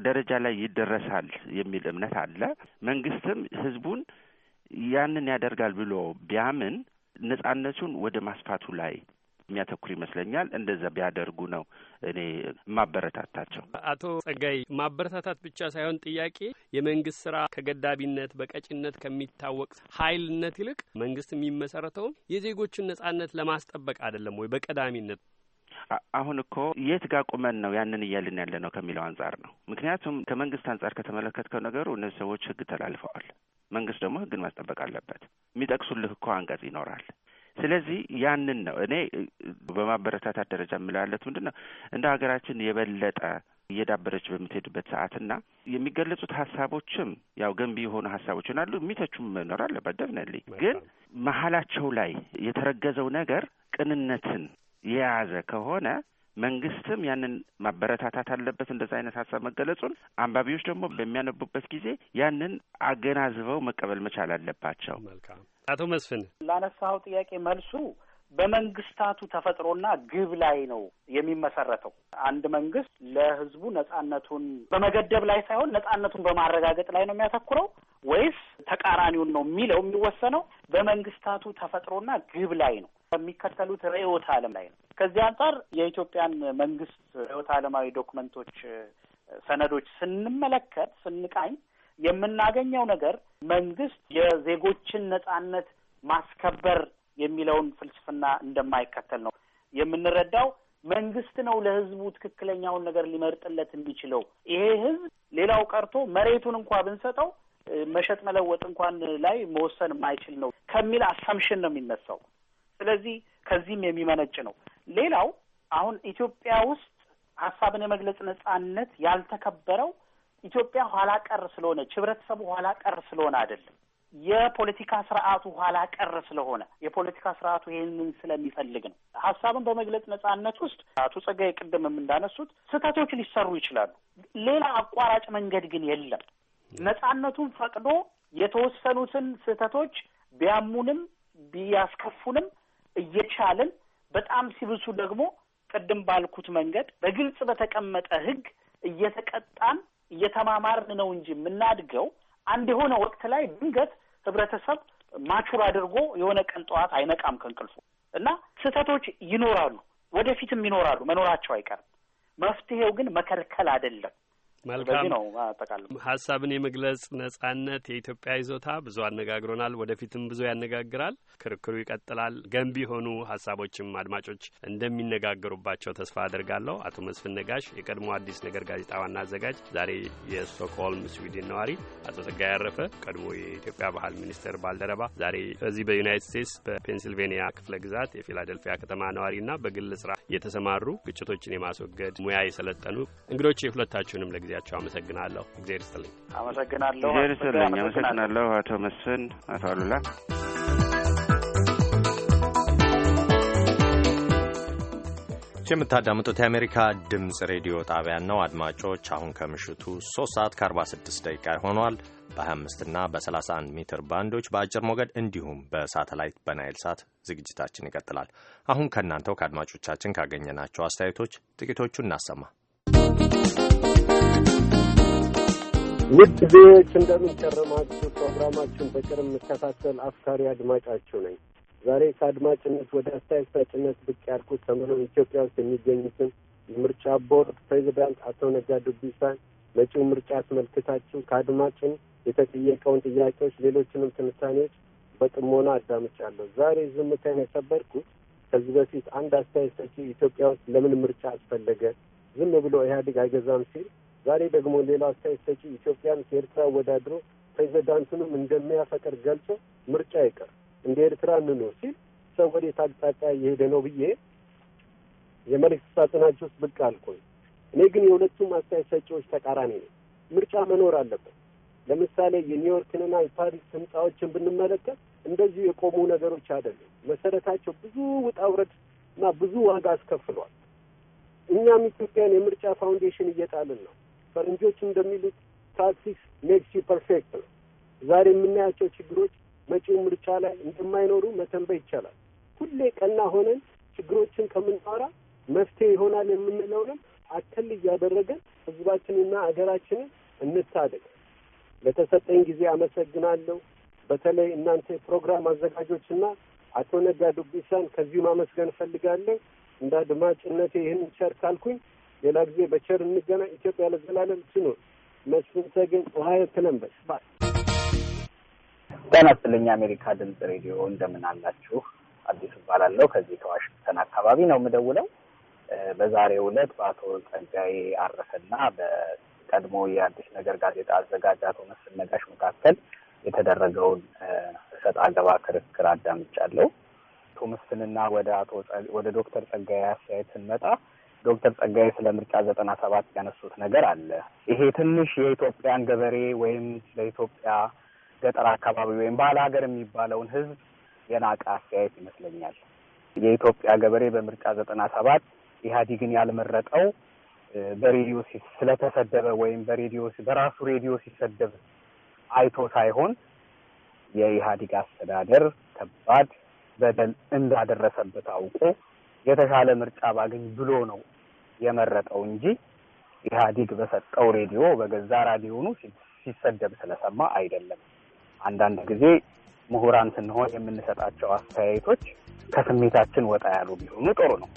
ደረጃ ላይ ይደረሳል የሚል እምነት አለ። መንግስትም ህዝቡን ያንን ያደርጋል ብሎ ቢያምን ነጻነቱን ወደ ማስፋቱ ላይ የሚያተኩር ይመስለኛል። እንደዛ ቢያደርጉ ነው እኔ ማበረታታቸው። አቶ ጸጋይ ማበረታታት ብቻ ሳይሆን ጥያቄ የመንግስት ስራ ከገዳቢነት በቀጭነት ከሚታወቅ ኃይልነት ይልቅ መንግስት የሚመሰረተውም የዜጎችን ነጻነት ለማስጠበቅ አይደለም ወይ በቀዳሚነት? አሁን እኮ የት ጋር ቁመን ነው ያንን እያልን ያለ ነው ከሚለው አንጻር ነው። ምክንያቱም ከመንግስት አንጻር ከተመለከትከው ነገሩ እነዚህ ሰዎች ህግ ተላልፈዋል። መንግስት ደግሞ ህግን ማስጠበቅ አለበት። የሚጠቅሱልህ እኮ አንቀጽ ይኖራል። ስለዚህ ያንን ነው እኔ በማበረታታት ደረጃ የምላለት ምንድን ነው እንደ ሀገራችን የበለጠ እየዳበረች በምትሄድበት ሰዓትና የሚገለጹት ሀሳቦችም ያው ገንቢ የሆኑ ሀሳቦች ይሆናሉ። የሚተቹም መኖር አለባት ደፍነልኝ ግን መሀላቸው ላይ የተረገዘው ነገር ቅንነትን የያዘ ከሆነ መንግስትም ያንን ማበረታታት አለበት፣ እንደዛ አይነት ሀሳብ መገለጹን። አንባቢዎች ደግሞ በሚያነቡበት ጊዜ ያንን አገናዝበው መቀበል መቻል አለባቸው። አቶ መስፍን ላነሳኸው ጥያቄ መልሱ በመንግስታቱ ተፈጥሮና ግብ ላይ ነው የሚመሰረተው። አንድ መንግስት ለህዝቡ ነጻነቱን በመገደብ ላይ ሳይሆን ነጻነቱን በማረጋገጥ ላይ ነው የሚያተኩረው ወይስ ተቃራኒውን ነው የሚለው የሚወሰነው በመንግስታቱ ተፈጥሮና ግብ ላይ ነው፣ በሚከተሉት ርዕዮተ ዓለም ላይ ነው። ከዚህ አንጻር የኢትዮጵያን መንግስት ርዕዮተ ዓለማዊ ዶክመንቶች፣ ሰነዶች ስንመለከት ስንቃኝ የምናገኘው ነገር መንግስት የዜጎችን ነጻነት ማስከበር የሚለውን ፍልስፍና እንደማይከተል ነው የምንረዳው። መንግስት ነው ለህዝቡ ትክክለኛውን ነገር ሊመርጥለት የሚችለው። ይሄ ህዝብ ሌላው ቀርቶ መሬቱን እንኳ ብንሰጠው መሸጥ መለወጥ እንኳን ላይ መወሰን የማይችል ነው ከሚል አሳምሽን ነው የሚነሳው። ስለዚህ ከዚህም የሚመነጭ ነው። ሌላው አሁን ኢትዮጵያ ውስጥ ሀሳብን የመግለጽ ነጻነት ያልተከበረው ኢትዮጵያ ኋላ ቀር ስለሆነች ህብረተሰቡ ኋላ ቀር ስለሆነ አይደለም የፖለቲካ ስርዓቱ ኋላ ቀር ስለሆነ የፖለቲካ ስርዓቱ ይህንን ስለሚፈልግ ነው። ሀሳብን በመግለጽ ነጻነት ውስጥ አቶ ጸጋዬ ቅድምም እንዳነሱት ስህተቶች ሊሰሩ ይችላሉ። ሌላ አቋራጭ መንገድ ግን የለም። ነጻነቱን ፈቅዶ የተወሰኑትን ስህተቶች ቢያሙንም ቢያስከፉንም እየቻልን በጣም ሲብሱ ደግሞ ቅድም ባልኩት መንገድ በግልጽ በተቀመጠ ህግ እየተቀጣን እየተማማርን ነው እንጂ የምናድገው አንድ የሆነ ወቅት ላይ ድንገት ህብረተሰብ ማቹር አድርጎ የሆነ ቀን ጠዋት አይነቃም ከእንቅልፉ እና ስህተቶች ይኖራሉ፣ ወደፊትም ይኖራሉ፣ መኖራቸው አይቀርም። መፍትሄው ግን መከልከል አይደለም። መልካም ነው። ሀሳብን የመግለጽ ነጻነት የኢትዮጵያ ይዞታ ብዙ አነጋግሮናል፣ ወደፊትም ብዙ ያነጋግራል። ክርክሩ ይቀጥላል። ገንቢ የሆኑ ሀሳቦችም አድማጮች እንደሚነጋገሩባቸው ተስፋ አድርጋለሁ። አቶ መስፍን ነጋሽ የቀድሞ አዲስ ነገር ጋዜጣ ዋና አዘጋጅ፣ ዛሬ የስቶክሆልም ስዊድን ነዋሪ፣ አቶ ጸጋይ ያረፈ ቀድሞ የኢትዮጵያ ባህል ሚኒስቴር ባልደረባ፣ ዛሬ በዚህ በዩናይት ስቴትስ በፔንሲልቬኒያ ክፍለ ግዛት የፊላደልፊያ ከተማ ነዋሪና በግል ስራ የተሰማሩ ግጭቶችን የማስወገድ ሙያ የሰለጠኑ እንግዶች የሁለታችሁንም ለጊዜ ለጊዜያቸው አመሰግናለሁ። እግዜር ይስጥልኝ። አመሰግናለሁ። እግዜር ይስጥልኝ። አመሰግናለሁ አቶ መስፍን፣ አቶ አሉላ። የምታዳምጡት የአሜሪካ ድምፅ ሬዲዮ ጣቢያን ነው። አድማጮች አሁን ከምሽቱ 3 ሰዓት ከ46 ደቂቃ ሆኗል። በ25 እና በ31 ሜትር ባንዶች በአጭር ሞገድ እንዲሁም በሳተላይት በናይል ሳት ዝግጅታችን ይቀጥላል። አሁን ከእናንተው ከአድማጮቻችን ካገኘናቸው አስተያየቶች ጥቂቶቹ እናሰማ። ውድ ዜዎች እንደምንጨረማችሁ ፕሮግራማችን በቅርብ የምከታተል አፍካሪ አድማጫችሁ ነኝ። ዛሬ ከአድማጭነት ወደ አስተያየት ሰጭነት ብቅ ያልኩት ሰሞኑን ኢትዮጵያ ውስጥ የሚገኙትን የምርጫ ቦርድ ፕሬዚዳንት አቶ ነጋ ዱቢሳን መጪው ምርጫ አስመልክታችሁ ከአድማጭን የተጠየቀውን ጥያቄዎች፣ ሌሎችንም ትንታኔዎች በጥሞና አዳምጫለሁ። ዛሬ ዝምታን የሰበርኩት ከዚህ በፊት አንድ አስተያየት ሰጪ ኢትዮጵያ ውስጥ ለምን ምርጫ አስፈለገ? ዝም ብሎ ኢህአዴግ አይገዛም ሲል ዛሬ ደግሞ ሌላ አስተያየት ሰጪ ኢትዮጵያን ከኤርትራ ወዳድሮ ፕሬዚዳንቱንም እንደሚያፈቅር ገልጾ ምርጫ ይቀር እንደ ኤርትራ እንኖር ሲል ሰው ወዴት አቅጣጫ እየሄደ ነው ብዬ የመልእክት ሳጥናችሁ ውስጥ ብቅ አልኩኝ። እኔ ግን የሁለቱም አስተያየት ሰጪዎች ተቃራኒ ነው። ምርጫ መኖር አለበት። ለምሳሌ የኒውዮርክንና የፓሪስ ህንጻዎችን ብንመለከት እንደዚሁ የቆሙ ነገሮች አይደሉም። መሰረታቸው ብዙ ውጣ ውረድ እና ብዙ ዋጋ አስከፍሏል። እኛም ኢትዮጵያን የምርጫ ፋውንዴሽን እየጣልን ነው። ፈረንጆች እንደሚሉት ፕራክቲስ ሜክስ ዩ ፐርፌክት ነው። ዛሬ የምናያቸው ችግሮች መጪው ምርጫ ላይ እንደማይኖሩ መተንበይ ይቻላል። ሁሌ ቀና ሆነን ችግሮችን ከምናወራ መፍትሄ ይሆናል የምንለውንም አከል እያደረገን ህዝባችንና አገራችንን እንታደግ። ለተሰጠኝ ጊዜ አመሰግናለሁ። በተለይ እናንተ የፕሮግራም አዘጋጆችና አቶ ነጋ ዱቢሳን ከዚሁም አመስገን እፈልጋለሁ። እንደ አድማጭነቴ ይህን ቸር ካልኩኝ ሌላ ጊዜ በቸር እንገናኝ። ኢትዮጵያ ለዘላለም ትኑር። መስፍን ተገኝ ኦሃዮ ኮለምበስ። ጤና ይስጥልኝ። የአሜሪካ ድምጽ ሬዲዮ እንደምን አላችሁ? አዲሱ እባላለሁ። ከዚህ ከዋሽንግተን አካባቢ ነው የምደውለው። በዛሬው ዕለት በአቶ ጸጋዬ አረፈና በቀድሞ የአዲስ ነገር ጋዜጣ አዘጋጅ አቶ መስፍን ነጋሽ መካከል የተደረገውን እሰጥ አገባ ክርክር አዳምጫለሁ። አቶ መስፍንና ወደ አቶ ወደ ዶክተር ጸጋዬ አስተያየት ስንመጣ ዶክተር ጸጋዬ ስለ ምርጫ ዘጠና ሰባት ያነሱት ነገር አለ። ይሄ ትንሽ የኢትዮጵያን ገበሬ ወይም ለኢትዮጵያ ገጠር አካባቢ ወይም ባለ ሀገር የሚባለውን ህዝብ የናቀ አስተያየት ይመስለኛል። የኢትዮጵያ ገበሬ በምርጫ ዘጠና ሰባት ኢህአዲግን ያልመረጠው በሬዲዮ ስለተሰደበ ወይም በሬዲዮ በራሱ ሬዲዮ ሲሰደብ አይቶ ሳይሆን የኢህአዲግ አስተዳደር ከባድ በደል እንዳደረሰበት አውቆ የተሻለ ምርጫ ባገኝ ብሎ ነው የመረጠው እንጂ ኢህአዲግ በሰጠው ሬዲዮ በገዛ ራዲዮኑ ሲሰደብ ስለሰማ አይደለም። አንዳንድ ጊዜ ምሁራን ስንሆን የምንሰጣቸው አስተያየቶች ከስሜታችን ወጣ ያሉ ቢሆኑ ጥሩ ነው።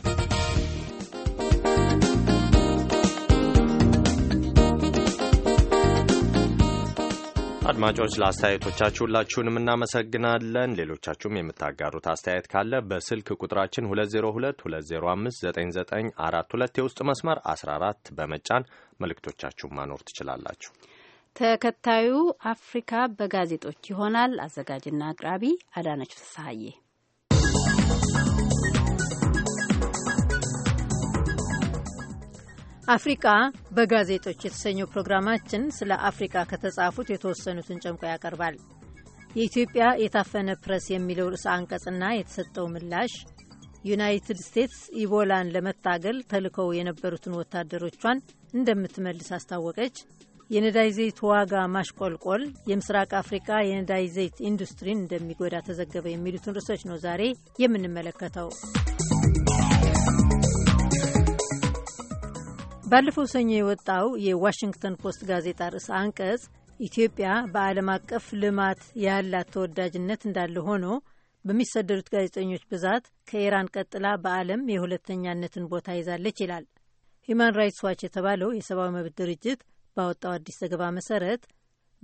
አድማጮች ለአስተያየቶቻችሁ ሁላችሁንም እናመሰግናለን። ሌሎቻችሁም የምታጋሩት አስተያየት ካለ በስልክ ቁጥራችን 2022059942 የውስጥ መስመር 14 በመጫን መልእክቶቻችሁን ማኖር ትችላላችሁ። ተከታዩ አፍሪካ በጋዜጦች ይሆናል። አዘጋጅና አቅራቢ አዳነች ፍስሀዬ አፍሪቃ በጋዜጦች የተሰኘው ፕሮግራማችን ስለ አፍሪቃ ከተጻፉት የተወሰኑትን ጨምቆ ያቀርባል። የኢትዮጵያ የታፈነ ፕረስ የሚለው ርዕሰ አንቀጽና የተሰጠው ምላሽ፣ ዩናይትድ ስቴትስ ኢቦላን ለመታገል ተልከው የነበሩትን ወታደሮቿን እንደምትመልስ አስታወቀች፣ የነዳጅ ዘይት ዋጋ ማሽቆልቆል የምስራቅ አፍሪቃ የነዳጅ ዘይት ኢንዱስትሪን እንደሚጎዳ ተዘገበ፣ የሚሉትን ርዕሶች ነው ዛሬ የምንመለከተው። ባለፈው ሰኞ የወጣው የዋሽንግተን ፖስት ጋዜጣ ርዕሰ አንቀጽ ኢትዮጵያ በዓለም አቀፍ ልማት ያላት ተወዳጅነት እንዳለ ሆኖ በሚሰደዱት ጋዜጠኞች ብዛት ከኢራን ቀጥላ በዓለም የሁለተኛነትን ቦታ ይዛለች ይላል። ሂማን ራይትስ ዋች የተባለው የሰብአዊ መብት ድርጅት ባወጣው አዲስ ዘገባ መሰረት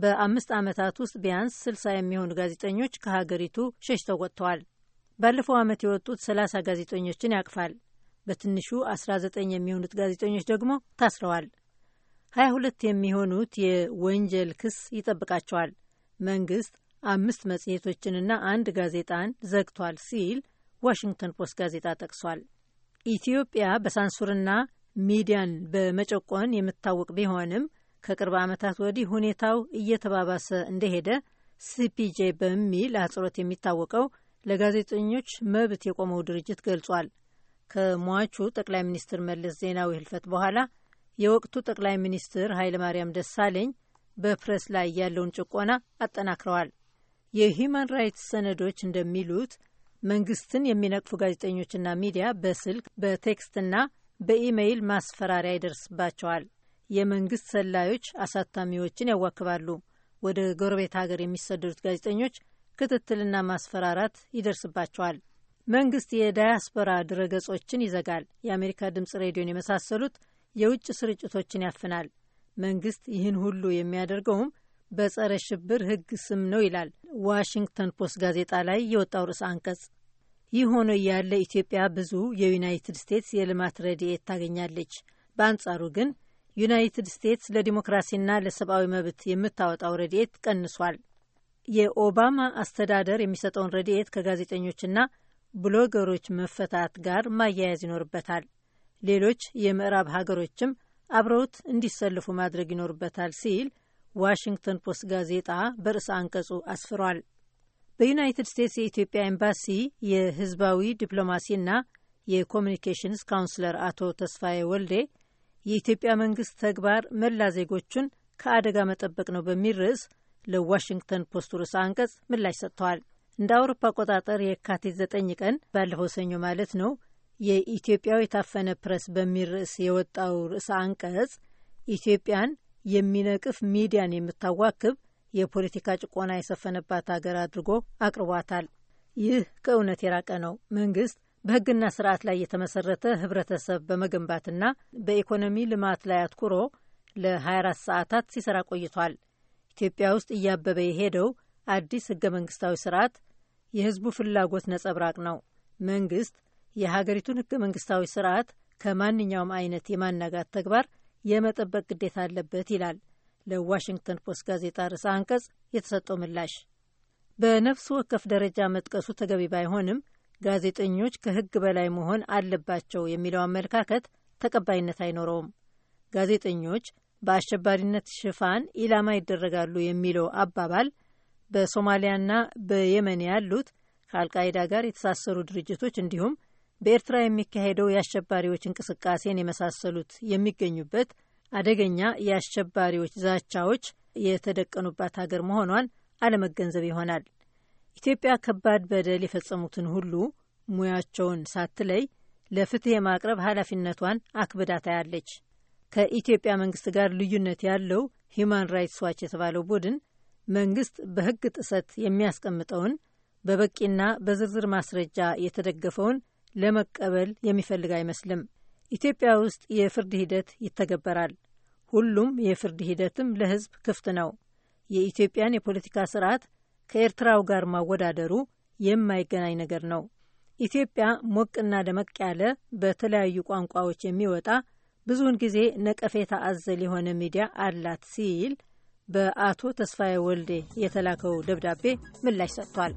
በአምስት ዓመታት ውስጥ ቢያንስ ስልሳ የሚሆኑ ጋዜጠኞች ከሀገሪቱ ሸሽተው ወጥተዋል። ባለፈው ዓመት የወጡት ሰላሳ ጋዜጠኞችን ያቅፋል። በትንሹ 19 የሚሆኑት ጋዜጠኞች ደግሞ ታስረዋል። 22 የሚሆኑት የወንጀል ክስ ይጠብቃቸዋል። መንግስት አምስት መጽሔቶችንና አንድ ጋዜጣን ዘግቷል ሲል ዋሽንግተን ፖስት ጋዜጣ ጠቅሷል። ኢትዮጵያ በሳንሱርና ሚዲያን በመጨቆን የምትታወቅ ቢሆንም ከቅርብ ዓመታት ወዲህ ሁኔታው እየተባባሰ እንደሄደ ሲፒጄ በሚል አጽሮት የሚታወቀው ለጋዜጠኞች መብት የቆመው ድርጅት ገልጿል። ከሟቹ ጠቅላይ ሚኒስትር መለስ ዜናዊ ህልፈት በኋላ የወቅቱ ጠቅላይ ሚኒስትር ኃይለማርያም ደሳለኝ በፕሬስ ላይ ያለውን ጭቆና አጠናክረዋል። የሂዩማን ራይትስ ሰነዶች እንደሚሉት መንግስትን የሚነቅፉ ጋዜጠኞችና ሚዲያ በስልክ በቴክስትና በኢሜይል ማስፈራሪያ ይደርስባቸዋል። የመንግስት ሰላዮች አሳታሚዎችን ያዋክባሉ። ወደ ጎረቤት ሀገር የሚሰደዱት ጋዜጠኞች ክትትልና ማስፈራራት ይደርስባቸዋል። መንግስት የዳያስፖራ ድረገጾችን ይዘጋል፣ የአሜሪካ ድምፅ ሬዲዮን የመሳሰሉት የውጭ ስርጭቶችን ያፍናል። መንግስት ይህን ሁሉ የሚያደርገውም በጸረ ሽብር ህግ ስም ነው ይላል ዋሽንግተን ፖስት ጋዜጣ ላይ የወጣው ርዕስ አንቀጽ። ይህ ሆኖ እያለ ኢትዮጵያ ብዙ የዩናይትድ ስቴትስ የልማት ረድኤት ታገኛለች። በአንጻሩ ግን ዩናይትድ ስቴትስ ለዲሞክራሲና ለሰብአዊ መብት የምታወጣው ረድኤት ቀንሷል። የኦባማ አስተዳደር የሚሰጠውን ረድኤት ከጋዜጠኞችና ብሎገሮች መፈታት ጋር ማያያዝ ይኖርበታል። ሌሎች የምዕራብ ሀገሮችም አብረውት እንዲሰልፉ ማድረግ ይኖርበታል ሲል ዋሽንግተን ፖስት ጋዜጣ በርዕሰ አንቀጹ አስፍሯል። በዩናይትድ ስቴትስ የኢትዮጵያ ኤምባሲ የህዝባዊ ዲፕሎማሲና የኮሚኒኬሽንስ ካውንስለር አቶ ተስፋዬ ወልዴ የኢትዮጵያ መንግስት ተግባር መላ ዜጎቹን ከአደጋ መጠበቅ ነው በሚል ርዕስ ለዋሽንግተን ፖስቱ ርዕሰ አንቀጽ ምላሽ ሰጥተዋል። እንደ አውሮፓ አቆጣጠር የካቲት 9 ቀን ባለፈው ሰኞ ማለት ነው። የኢትዮጵያው የታፈነ ፕረስ በሚል ርዕስ የወጣው ርዕሰ አንቀጽ ኢትዮጵያን የሚነቅፍ ሚዲያን የምታዋክብ የፖለቲካ ጭቆና የሰፈነባት ሀገር አድርጎ አቅርቧታል። ይህ ከእውነት የራቀ ነው። መንግስት በህግና ስርዓት ላይ የተመሰረተ ህብረተሰብ በመገንባትና በኢኮኖሚ ልማት ላይ አትኩሮ ለ24 ሰዓታት ሲሰራ ቆይቷል። ኢትዮጵያ ውስጥ እያበበ የሄደው አዲስ ህገ መንግስታዊ ስርዓት የህዝቡ ፍላጎት ነጸብራቅ ነው። መንግስት የሀገሪቱን ህገ መንግስታዊ ስርዓት ከማንኛውም አይነት የማናጋት ተግባር የመጠበቅ ግዴታ አለበት ይላል ለዋሽንግተን ፖስት ጋዜጣ ርዕሰ አንቀጽ የተሰጠው ምላሽ። በነፍስ ወከፍ ደረጃ መጥቀሱ ተገቢ ባይሆንም ጋዜጠኞች ከህግ በላይ መሆን አለባቸው የሚለው አመለካከት ተቀባይነት አይኖረውም። ጋዜጠኞች በአሸባሪነት ሽፋን ኢላማ ይደረጋሉ የሚለው አባባል በሶማሊያና በየመን ያሉት ከአልቃይዳ ጋር የተሳሰሩ ድርጅቶች እንዲሁም በኤርትራ የሚካሄደው የአሸባሪዎች እንቅስቃሴን የመሳሰሉት የሚገኙበት አደገኛ የአሸባሪዎች ዛቻዎች የተደቀኑባት ሀገር መሆኗን አለመገንዘብ ይሆናል። ኢትዮጵያ ከባድ በደል የፈጸሙትን ሁሉ ሙያቸውን ሳትለይ ለፍትህ የማቅረብ ኃላፊነቷን አክብዳ ታያለች። ከኢትዮጵያ መንግስት ጋር ልዩነት ያለው ሂዩማን ራይትስ ዋች የተባለው ቡድን መንግስት በህግ ጥሰት የሚያስቀምጠውን በበቂና በዝርዝር ማስረጃ የተደገፈውን ለመቀበል የሚፈልግ አይመስልም። ኢትዮጵያ ውስጥ የፍርድ ሂደት ይተገበራል። ሁሉም የፍርድ ሂደትም ለህዝብ ክፍት ነው። የኢትዮጵያን የፖለቲካ ስርዓት ከኤርትራው ጋር ማወዳደሩ የማይገናኝ ነገር ነው። ኢትዮጵያ ሞቅና ደመቅ ያለ በተለያዩ ቋንቋዎች የሚወጣ ብዙውን ጊዜ ነቀፌታ አዘል የሆነ ሚዲያ አላት ሲል በአቶ ተስፋዬ ወልዴ የተላከው ደብዳቤ ምላሽ ሰጥቷል።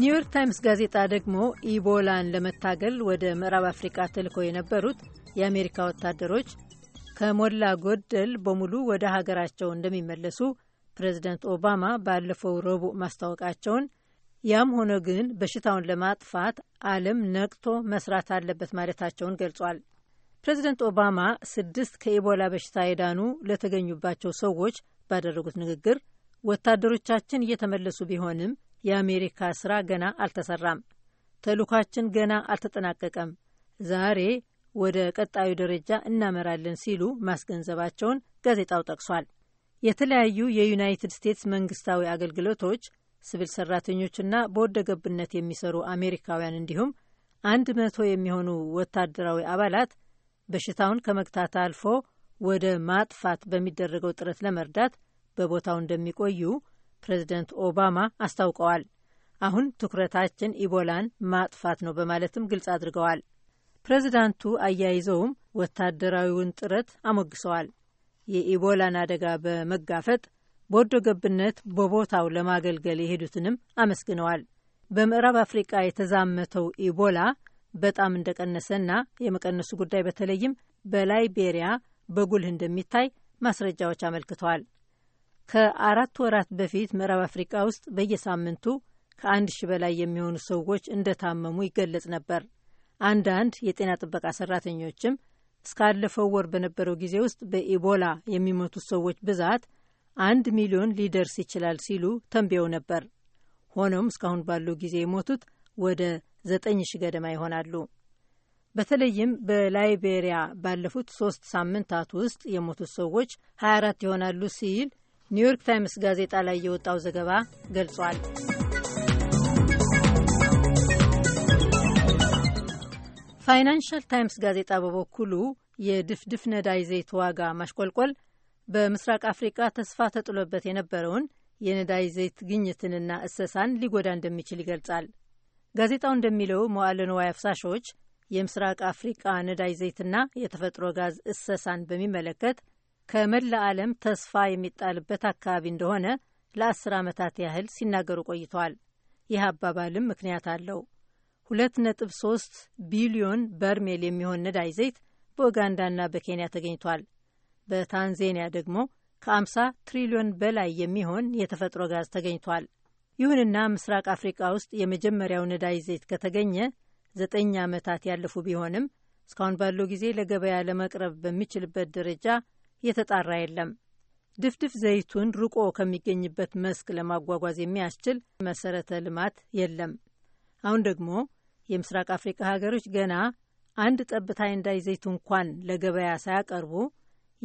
ኒውዮርክ ታይምስ ጋዜጣ ደግሞ ኢቦላን ለመታገል ወደ ምዕራብ አፍሪቃ ተልከው የነበሩት የአሜሪካ ወታደሮች ከሞላ ጎደል በሙሉ ወደ ሀገራቸው እንደሚመለሱ ፕሬዚደንት ኦባማ ባለፈው ረቡዕ ማስታወቃቸውን ያም ሆነ ግን በሽታውን ለማጥፋት ዓለም ነቅቶ መስራት አለበት ማለታቸውን ገልጿል። ፕሬዚደንት ኦባማ ስድስት ከኢቦላ በሽታ የዳኑ ለተገኙባቸው ሰዎች ባደረጉት ንግግር ወታደሮቻችን እየተመለሱ ቢሆንም የአሜሪካ ስራ ገና አልተሰራም፣ ተልኳችን ገና አልተጠናቀቀም፣ ዛሬ ወደ ቀጣዩ ደረጃ እናመራለን ሲሉ ማስገንዘባቸውን ጋዜጣው ጠቅሷል። የተለያዩ የዩናይትድ ስቴትስ መንግስታዊ አገልግሎቶች ሲቪል ሰራተኞችና በወደገብነት የሚሰሩ አሜሪካውያን እንዲሁም አንድ መቶ የሚሆኑ ወታደራዊ አባላት በሽታውን ከመግታት አልፎ ወደ ማጥፋት በሚደረገው ጥረት ለመርዳት በቦታው እንደሚቆዩ ፕሬዚደንት ኦባማ አስታውቀዋል። አሁን ትኩረታችን ኢቦላን ማጥፋት ነው በማለትም ግልጽ አድርገዋል። ፕሬዚዳንቱ አያይዘውም ወታደራዊውን ጥረት አሞግሰዋል። የኢቦላን አደጋ በመጋፈጥ በወዶ ገብነት በቦታው ለማገልገል የሄዱትንም አመስግነዋል። በምዕራብ አፍሪቃ የተዛመተው ኢቦላ በጣም እንደቀነሰና የመቀነሱ ጉዳይ በተለይም በላይቤሪያ በጉልህ እንደሚታይ ማስረጃዎች አመልክተዋል። ከአራት ወራት በፊት ምዕራብ አፍሪቃ ውስጥ በየሳምንቱ ከአንድ ሺ በላይ የሚሆኑ ሰዎች እንደታመሙ ይገለጽ ነበር። አንዳንድ የጤና ጥበቃ ሰራተኞችም እስካለፈው ወር በነበረው ጊዜ ውስጥ በኢቦላ የሚሞቱት ሰዎች ብዛት አንድ ሚሊዮን ሊደርስ ይችላል ሲሉ ተንብየው ነበር። ሆኖም እስካሁን ባለው ጊዜ የሞቱት ወደ ዘጠኝ ሺ ገደማ ይሆናሉ። በተለይም በላይቤሪያ ባለፉት ሶስት ሳምንታት ውስጥ የሞቱት ሰዎች 24 ይሆናሉ ሲል ኒውዮርክ ታይምስ ጋዜጣ ላይ የወጣው ዘገባ ገልጿል። ፋይናንሻል ታይምስ ጋዜጣ በበኩሉ የድፍድፍ ነዳጅ ዘይት ዋጋ ማሽቆልቆል በምስራቅ አፍሪቃ ተስፋ ተጥሎበት የነበረውን የነዳጅ ዘይት ግኝትንና እሰሳን ሊጎዳ እንደሚችል ይገልጻል። ጋዜጣው እንደሚለው መዋዕለ ንዋይ አፍሳሾች የምስራቅ አፍሪቃ ነዳጅ ዘይትና የተፈጥሮ ጋዝ እሰሳን በሚመለከት ከመላ ዓለም ተስፋ የሚጣልበት አካባቢ እንደሆነ ለአስር ዓመታት ያህል ሲናገሩ ቆይተዋል። ይህ አባባልም ምክንያት አለው። ሁለት ነጥብ ሶስት ቢሊዮን በርሜል የሚሆን ነዳጅ ዘይት በኡጋንዳና በኬንያ ተገኝቷል። በታንዜኒያ ደግሞ ከ50 ትሪሊዮን በላይ የሚሆን የተፈጥሮ ጋዝ ተገኝቷል። ይሁንና ምስራቅ አፍሪቃ ውስጥ የመጀመሪያው ነዳጅ ዘይት ከተገኘ ዘጠኝ ዓመታት ያለፉ ቢሆንም እስካሁን ባለው ጊዜ ለገበያ ለመቅረብ በሚችልበት ደረጃ የተጣራ የለም። ድፍድፍ ዘይቱን ርቆ ከሚገኝበት መስክ ለማጓጓዝ የሚያስችል መሰረተ ልማት የለም። አሁን ደግሞ የምስራቅ አፍሪቃ ሀገሮች ገና አንድ ጠብታ ነዳጅ ዘይት እንኳን ለገበያ ሳያቀርቡ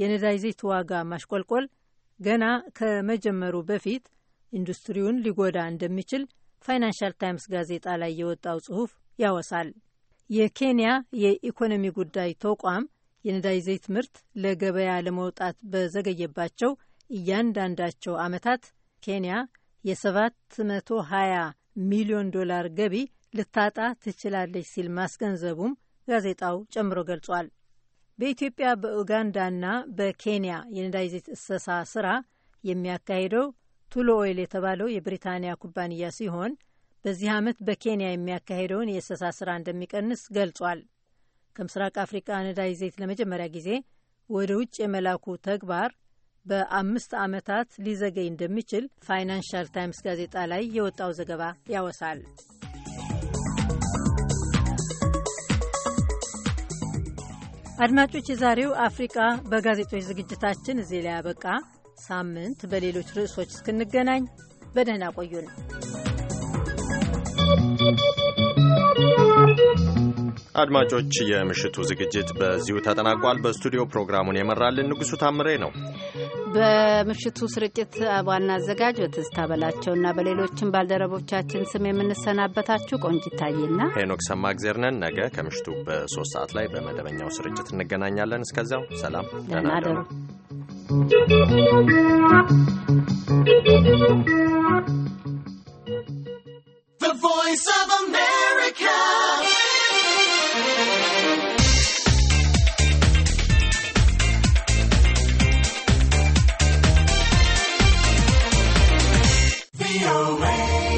የነዳጅ ዘይት ዋጋ ማሽቆልቆል ገና ከመጀመሩ በፊት ኢንዱስትሪውን ሊጎዳ እንደሚችል ፋይናንሻል ታይምስ ጋዜጣ ላይ የወጣው ጽሑፍ ያወሳል። የኬንያ የኢኮኖሚ ጉዳይ ተቋም የነዳጅ ዘይት ምርት ለገበያ ለመውጣት በዘገየባቸው እያንዳንዳቸው ዓመታት ኬንያ የ720 ሚሊዮን ዶላር ገቢ ልታጣ ትችላለች ሲል ማስገንዘቡም ጋዜጣው ጨምሮ ገልጿል። በኢትዮጵያ በኡጋንዳና በኬንያ የነዳጅ ዘይት እሰሳ ስራ የሚያካሂደው ቱሎ ኦይል የተባለው የብሪታንያ ኩባንያ ሲሆን በዚህ ዓመት በኬንያ የሚያካሄደውን የእሰሳ ስራ እንደሚቀንስ ገልጿል። ከምስራቅ አፍሪቃ ነዳጅ ዘይት ለመጀመሪያ ጊዜ ወደ ውጭ የመላኩ ተግባር በአምስት ዓመታት ሊዘገይ እንደሚችል ፋይናንሻል ታይምስ ጋዜጣ ላይ የወጣው ዘገባ ያወሳል። አድማጮች፣ የዛሬው አፍሪቃ በጋዜጦች ዝግጅታችን እዚህ ላይ ያበቃ። ሳምንት በሌሎች ርዕሶች እስክንገናኝ በደህና ቆዩን። አድማጮች፣ የምሽቱ ዝግጅት በዚሁ ተጠናቋል። በስቱዲዮ ፕሮግራሙን የመራልን ንጉሱ ታምሬ ነው። በምሽቱ ስርጭት ዋና አዘጋጅ በትዝታ በላቸውና በሌሎችም ባልደረቦቻችን ስም የምንሰናበታችሁ ቆንጅ ይታየና ሄኖክ ሰማ ነን። ነገ ከምሽቱ በሶስት ሰዓት ላይ በመደበኛው ስርጭት እንገናኛለን። እስከዚያው ሰላም፣ ደህና